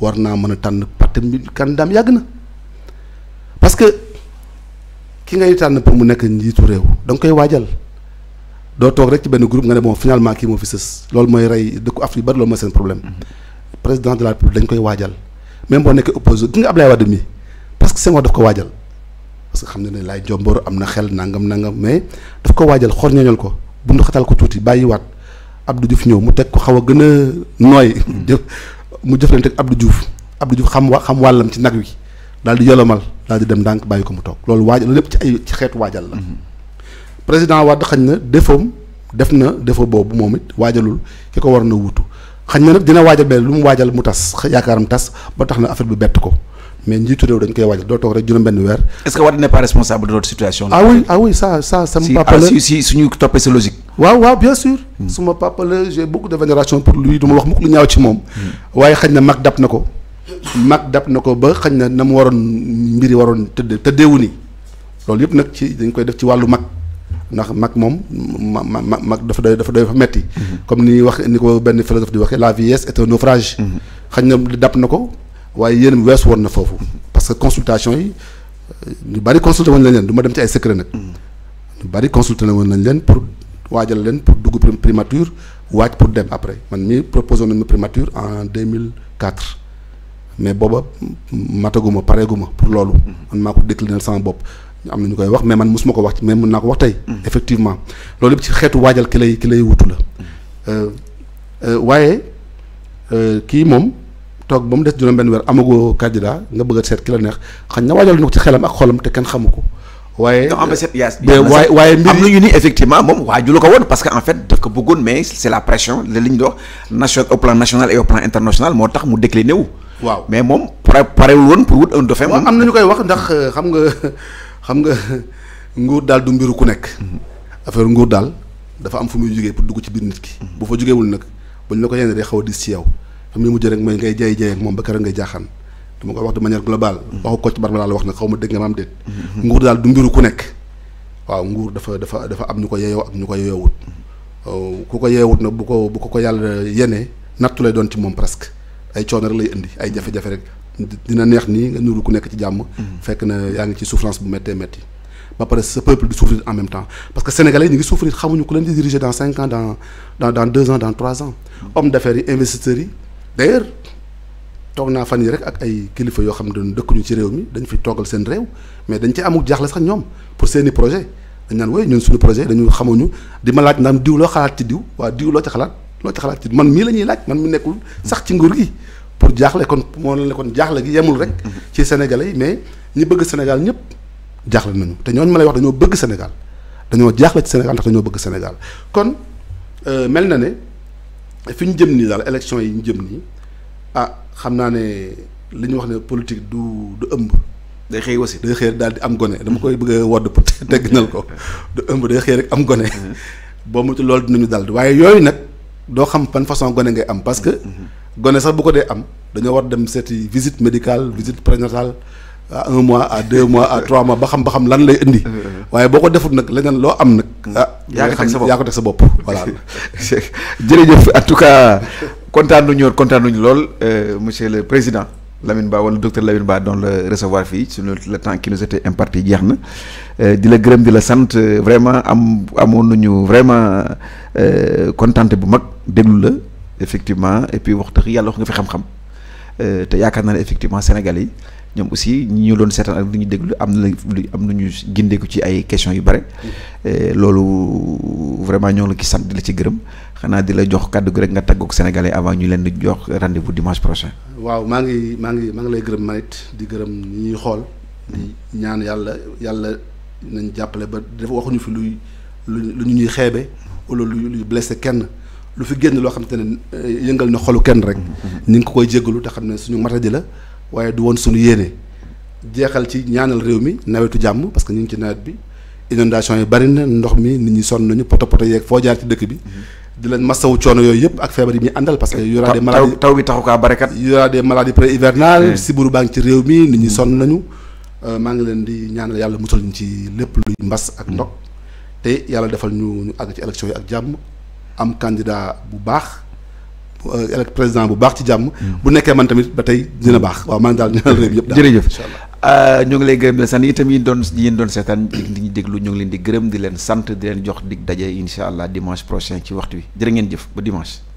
B: war naa mën a tànn partem bi candidat am yàgg na parce que ki ngay tànn pour mu nekk njiitu réew da nga koy waajal doo toog rek ci benn groupe nga ne bon finalement kii moo fi sës loolu mooy rey dëkku Afrique bari loolu mooy seen problème mhm. président de la République dañ koy waajal même boo nekkee opposé gi nga Ablaye Wade mi parce que Senghor daf ko waajal parce que xam ne ne laay jomboor am na xel nangam nangam mais daf ko waajal xor ñooñal ko bundu xatal ko tuuti bàyyiwaat Abdou Diouf ñëw mu teg ko xaw a gën a nooy mhm. mu jëflante ak Abdou Diouf Abdou Diouf xam wa xam wàllam ci nag wi daal di yolomal daal di dem ndànk bàyyi ko mu toog loolu waajal lépp ci ay ci xeetu waajal la. Mhm. président Wade xañ na defoom def na defoo boobu moom it waajalul ki ko war na wutu xañ na nag dina waajal benn lu mu waajal mu tas yaakaaram tas ba tax na affaire bi bett ko. mais njiitu réew dañ koy waajal doo toog rek juróom-benn weer.
A: est-ce que Wade n'est pas responsable de notre situation. ah
B: oui sama ah papa ah, la si si
A: suñu toppee sa logique.
B: waaw waaw bien sûr. Hmm. suma papa la j'ai beaucoup de vénération pour lui du ma wax mukk lu ñaaw ci moom. Hmm. waaye xañ na mag dab na ko. mag dab na ko ba xañ na na mu waroon mbiri waroon tëddee wu ni loolu yëpp nag ci dañ koy def ci wàllu mag ndax mag moom ma ma mag dafa doy dafa doy fa metti mhm. comme ni wax ni ko benn philosophe di waxee la vieillesse est un naufrage mhm. xañ na dab na ko waaye yéen wees woon na foofu mhm. parce que consultation yi ñu bari consulté woon nañ leen du ma dem ci ay secret nag ñu bari consulté woon nañ leen pour waajal leen pour dugg primature waaj pour dem après man mii proposé nañ ma primature en 2004 mais booba mataguma pareeguma pour loolu. Mm-hmm. man maa ko décliner sama bopp. am na ñu koy wax mais man suma ko wax mais mun naa ko wax tey. Mm-hmm. effectivement loolu yëpp ci xeetu waajal ki lay ki lay wutu la. Mm-hmm. Euh, euh, waaye euh, kii moom toog ba mu des juróom-benn weer amagoo candidat nga bëgg a
A: seet ki la neex xañ na waajal na ko ci xelam ak xolam te kenn xamu ko. waaye waaye waaye mbir am nañu ni effectivement moom waaju la ko woon parce que en fait daf ko bëggoon mais c'est moo tax mu décliné waaw mais moom pare parewul woon pour wut am na ñu koy wax ndax euh, xam nga xam nga nguur daal du mbiru ku
B: nekk. Mhm. affaire nguur daal dafa am fu muy jógee pour dugg ci biir nit ki. Mhm. bu fa jógeewul nag buñ la ko yéene day xaw a dis ci yow mu mujj rek mooy ngay jaay jaay moom ba keroog ngay jaaxaan dama koy wax de manière globale. Mhm. waxu ko ci barba la wax nag xaw ma dëgg nga ma am déet. nguur daal du mbiru ku nekk. waaw nguur dafa dafa dafa am ñu ko yeeyoo ak ñu ko yeeyoowut oh, ku ko yeeyoowut bu ko bu ko ko yàlla yenee nattu lay doon ci moom presque. ay coono rek lay indi ay jafe-jafe rek dina neex nii nga nuru ku nekk ci jàmm. Mm-hmm. fekk na yaa ngi ci souffrance bu méttee métti. ba pare ce peuple di souffrir en même temps parce que sénégalais yi ñu ngi souffrir xamuñu ku leen di diriger dans cinq ans dans dans dans deux ans dans trois ans. Mm-hmm. homme d'affaires yi investisseurs yi d'ailleurs toog naa fan yi rek ak ay kilifa yoo xam ne dëkkuñu ci réew mi dañ fi toogal seen réew mais dañ ci amul jaaxle sax ñoom pour seeni projet dañ naan woy ñun suñu projet dañu xamuñu di ma laaj ndaam diw loo xalaat ci diw waa diw loo ci xalaat. loo ci xalaat man mii la ñuy laaj man mu nekkul sax ci nguur gi pour jaaxle kon moo leen ne kon jaaxle gi yemul rek ci sénégalais yi mais ñi bëgg Sénégal ñëpp jaaxle nañu te ñooñu wax dañoo bëgg Sénégal dañoo jaaxle ci Sénégal ndax dañoo bëgg Sénégal kon euh, mel na ne fi ñu jëm nii daal élection yi ñu jëm nii ah xam naa ne li ñu wax ne politique du du ëmb day xëy aussi day xëy daal di am gone dama koy bëgg a wodd pour tegginal ko du ëmb day xëy rek am gone mm-hmm. boo mutu loolu dinañu dal waaye yooyu nag doo xam ban façon gone ngay am parce que mhm. gone sax bu ko dee am dañoo war dem seeti visite médicale visite prénatale à un mois à deux mois à trois mois ba xam ba xam lan lay indi euh, euh, euh. waaye boo ko defut nag leneen
A: loo am nag mm. ah yaa ko teg sa bopp voilà jërëjëf en tout cas kontaan nañu kontaan nañu lool monsieur le président Lamine Ba wala docteur Lamine Ba doon la recevoir fii sur le temps qui nous était imparti jeex na euh, di la gërëm di la sant euh, vraiment am amoon nañu vraiment euh, kontaan bu mag déglu la effectivement et puis wax dëgg yàlla wax nga fi xam-xam te yaakaar naa ne effectivement Sénégal yi. ñoom aussi ñu doon seetaan ak li ñu déglu am na lu am nañu gindeeku ci ay question yu bare eh, loolu vraiment ñoo ngi la ki sant di la ci gërëm xanaa di la jox kàddu gi rek nga tàggoog sénégalais avant ñu leen di jox rendez-vous dimanche prochain.
B: waaw maa ngi maa ngi maa ngi lay gërëm mayit di gërëm ñuy xool. di ñaan yàlla yàlla nañ jàppale ba dafa waxuñu fi luy lu ñu ñuy xeebe wala lu luy blessé kenn. lu fi génn loo xam te ne eh, yëngal na xolu kenn rek. Mm-hmm. ñu ngi ko koy jéggalu te xam ne suñu matadi la. waaye du woon suñu yéene jeexal ci ñaanal réew mi nawetu jàmm parce que ñu ngi ci nawet bi inondation yi bari na ndox mi nit ñi sonn nañu poto poto yeeg foo jaar ci dëkk bi mhm. di leen masawu coono yooyu yëpp ak feebar yi ñuy àndal parce que y aura des maladies taw bi taxu kaa barikat y aura des maladies pré-hivernales eh. sibiru baa ngi ci réew mi nit ñi mm. sonn nañu euh, maa ngi leen di ñaanal yàlla musal ñu ci lépp luy mbas ak mm. ndox te yàlla defal ñu ñu àgg ci élection yi ak jàmm am candidat bu baax
A: elect euh, président bu baax ci jàmm. Hmm. bu nekkee man tamit ba tey dina baax waaw man daal ñaanal réew yëpp daal jërëjëf incha allah. Euh, ñu ngi lay gërëm di leen sant itam yi doon yéen doon seetaan di ñu déglu ñu ngi leen di gërëm di leen sant di leen jox dig daje incha allah dimanche prochain ci waxtu wi jërë ngeen jëf ba dimanche.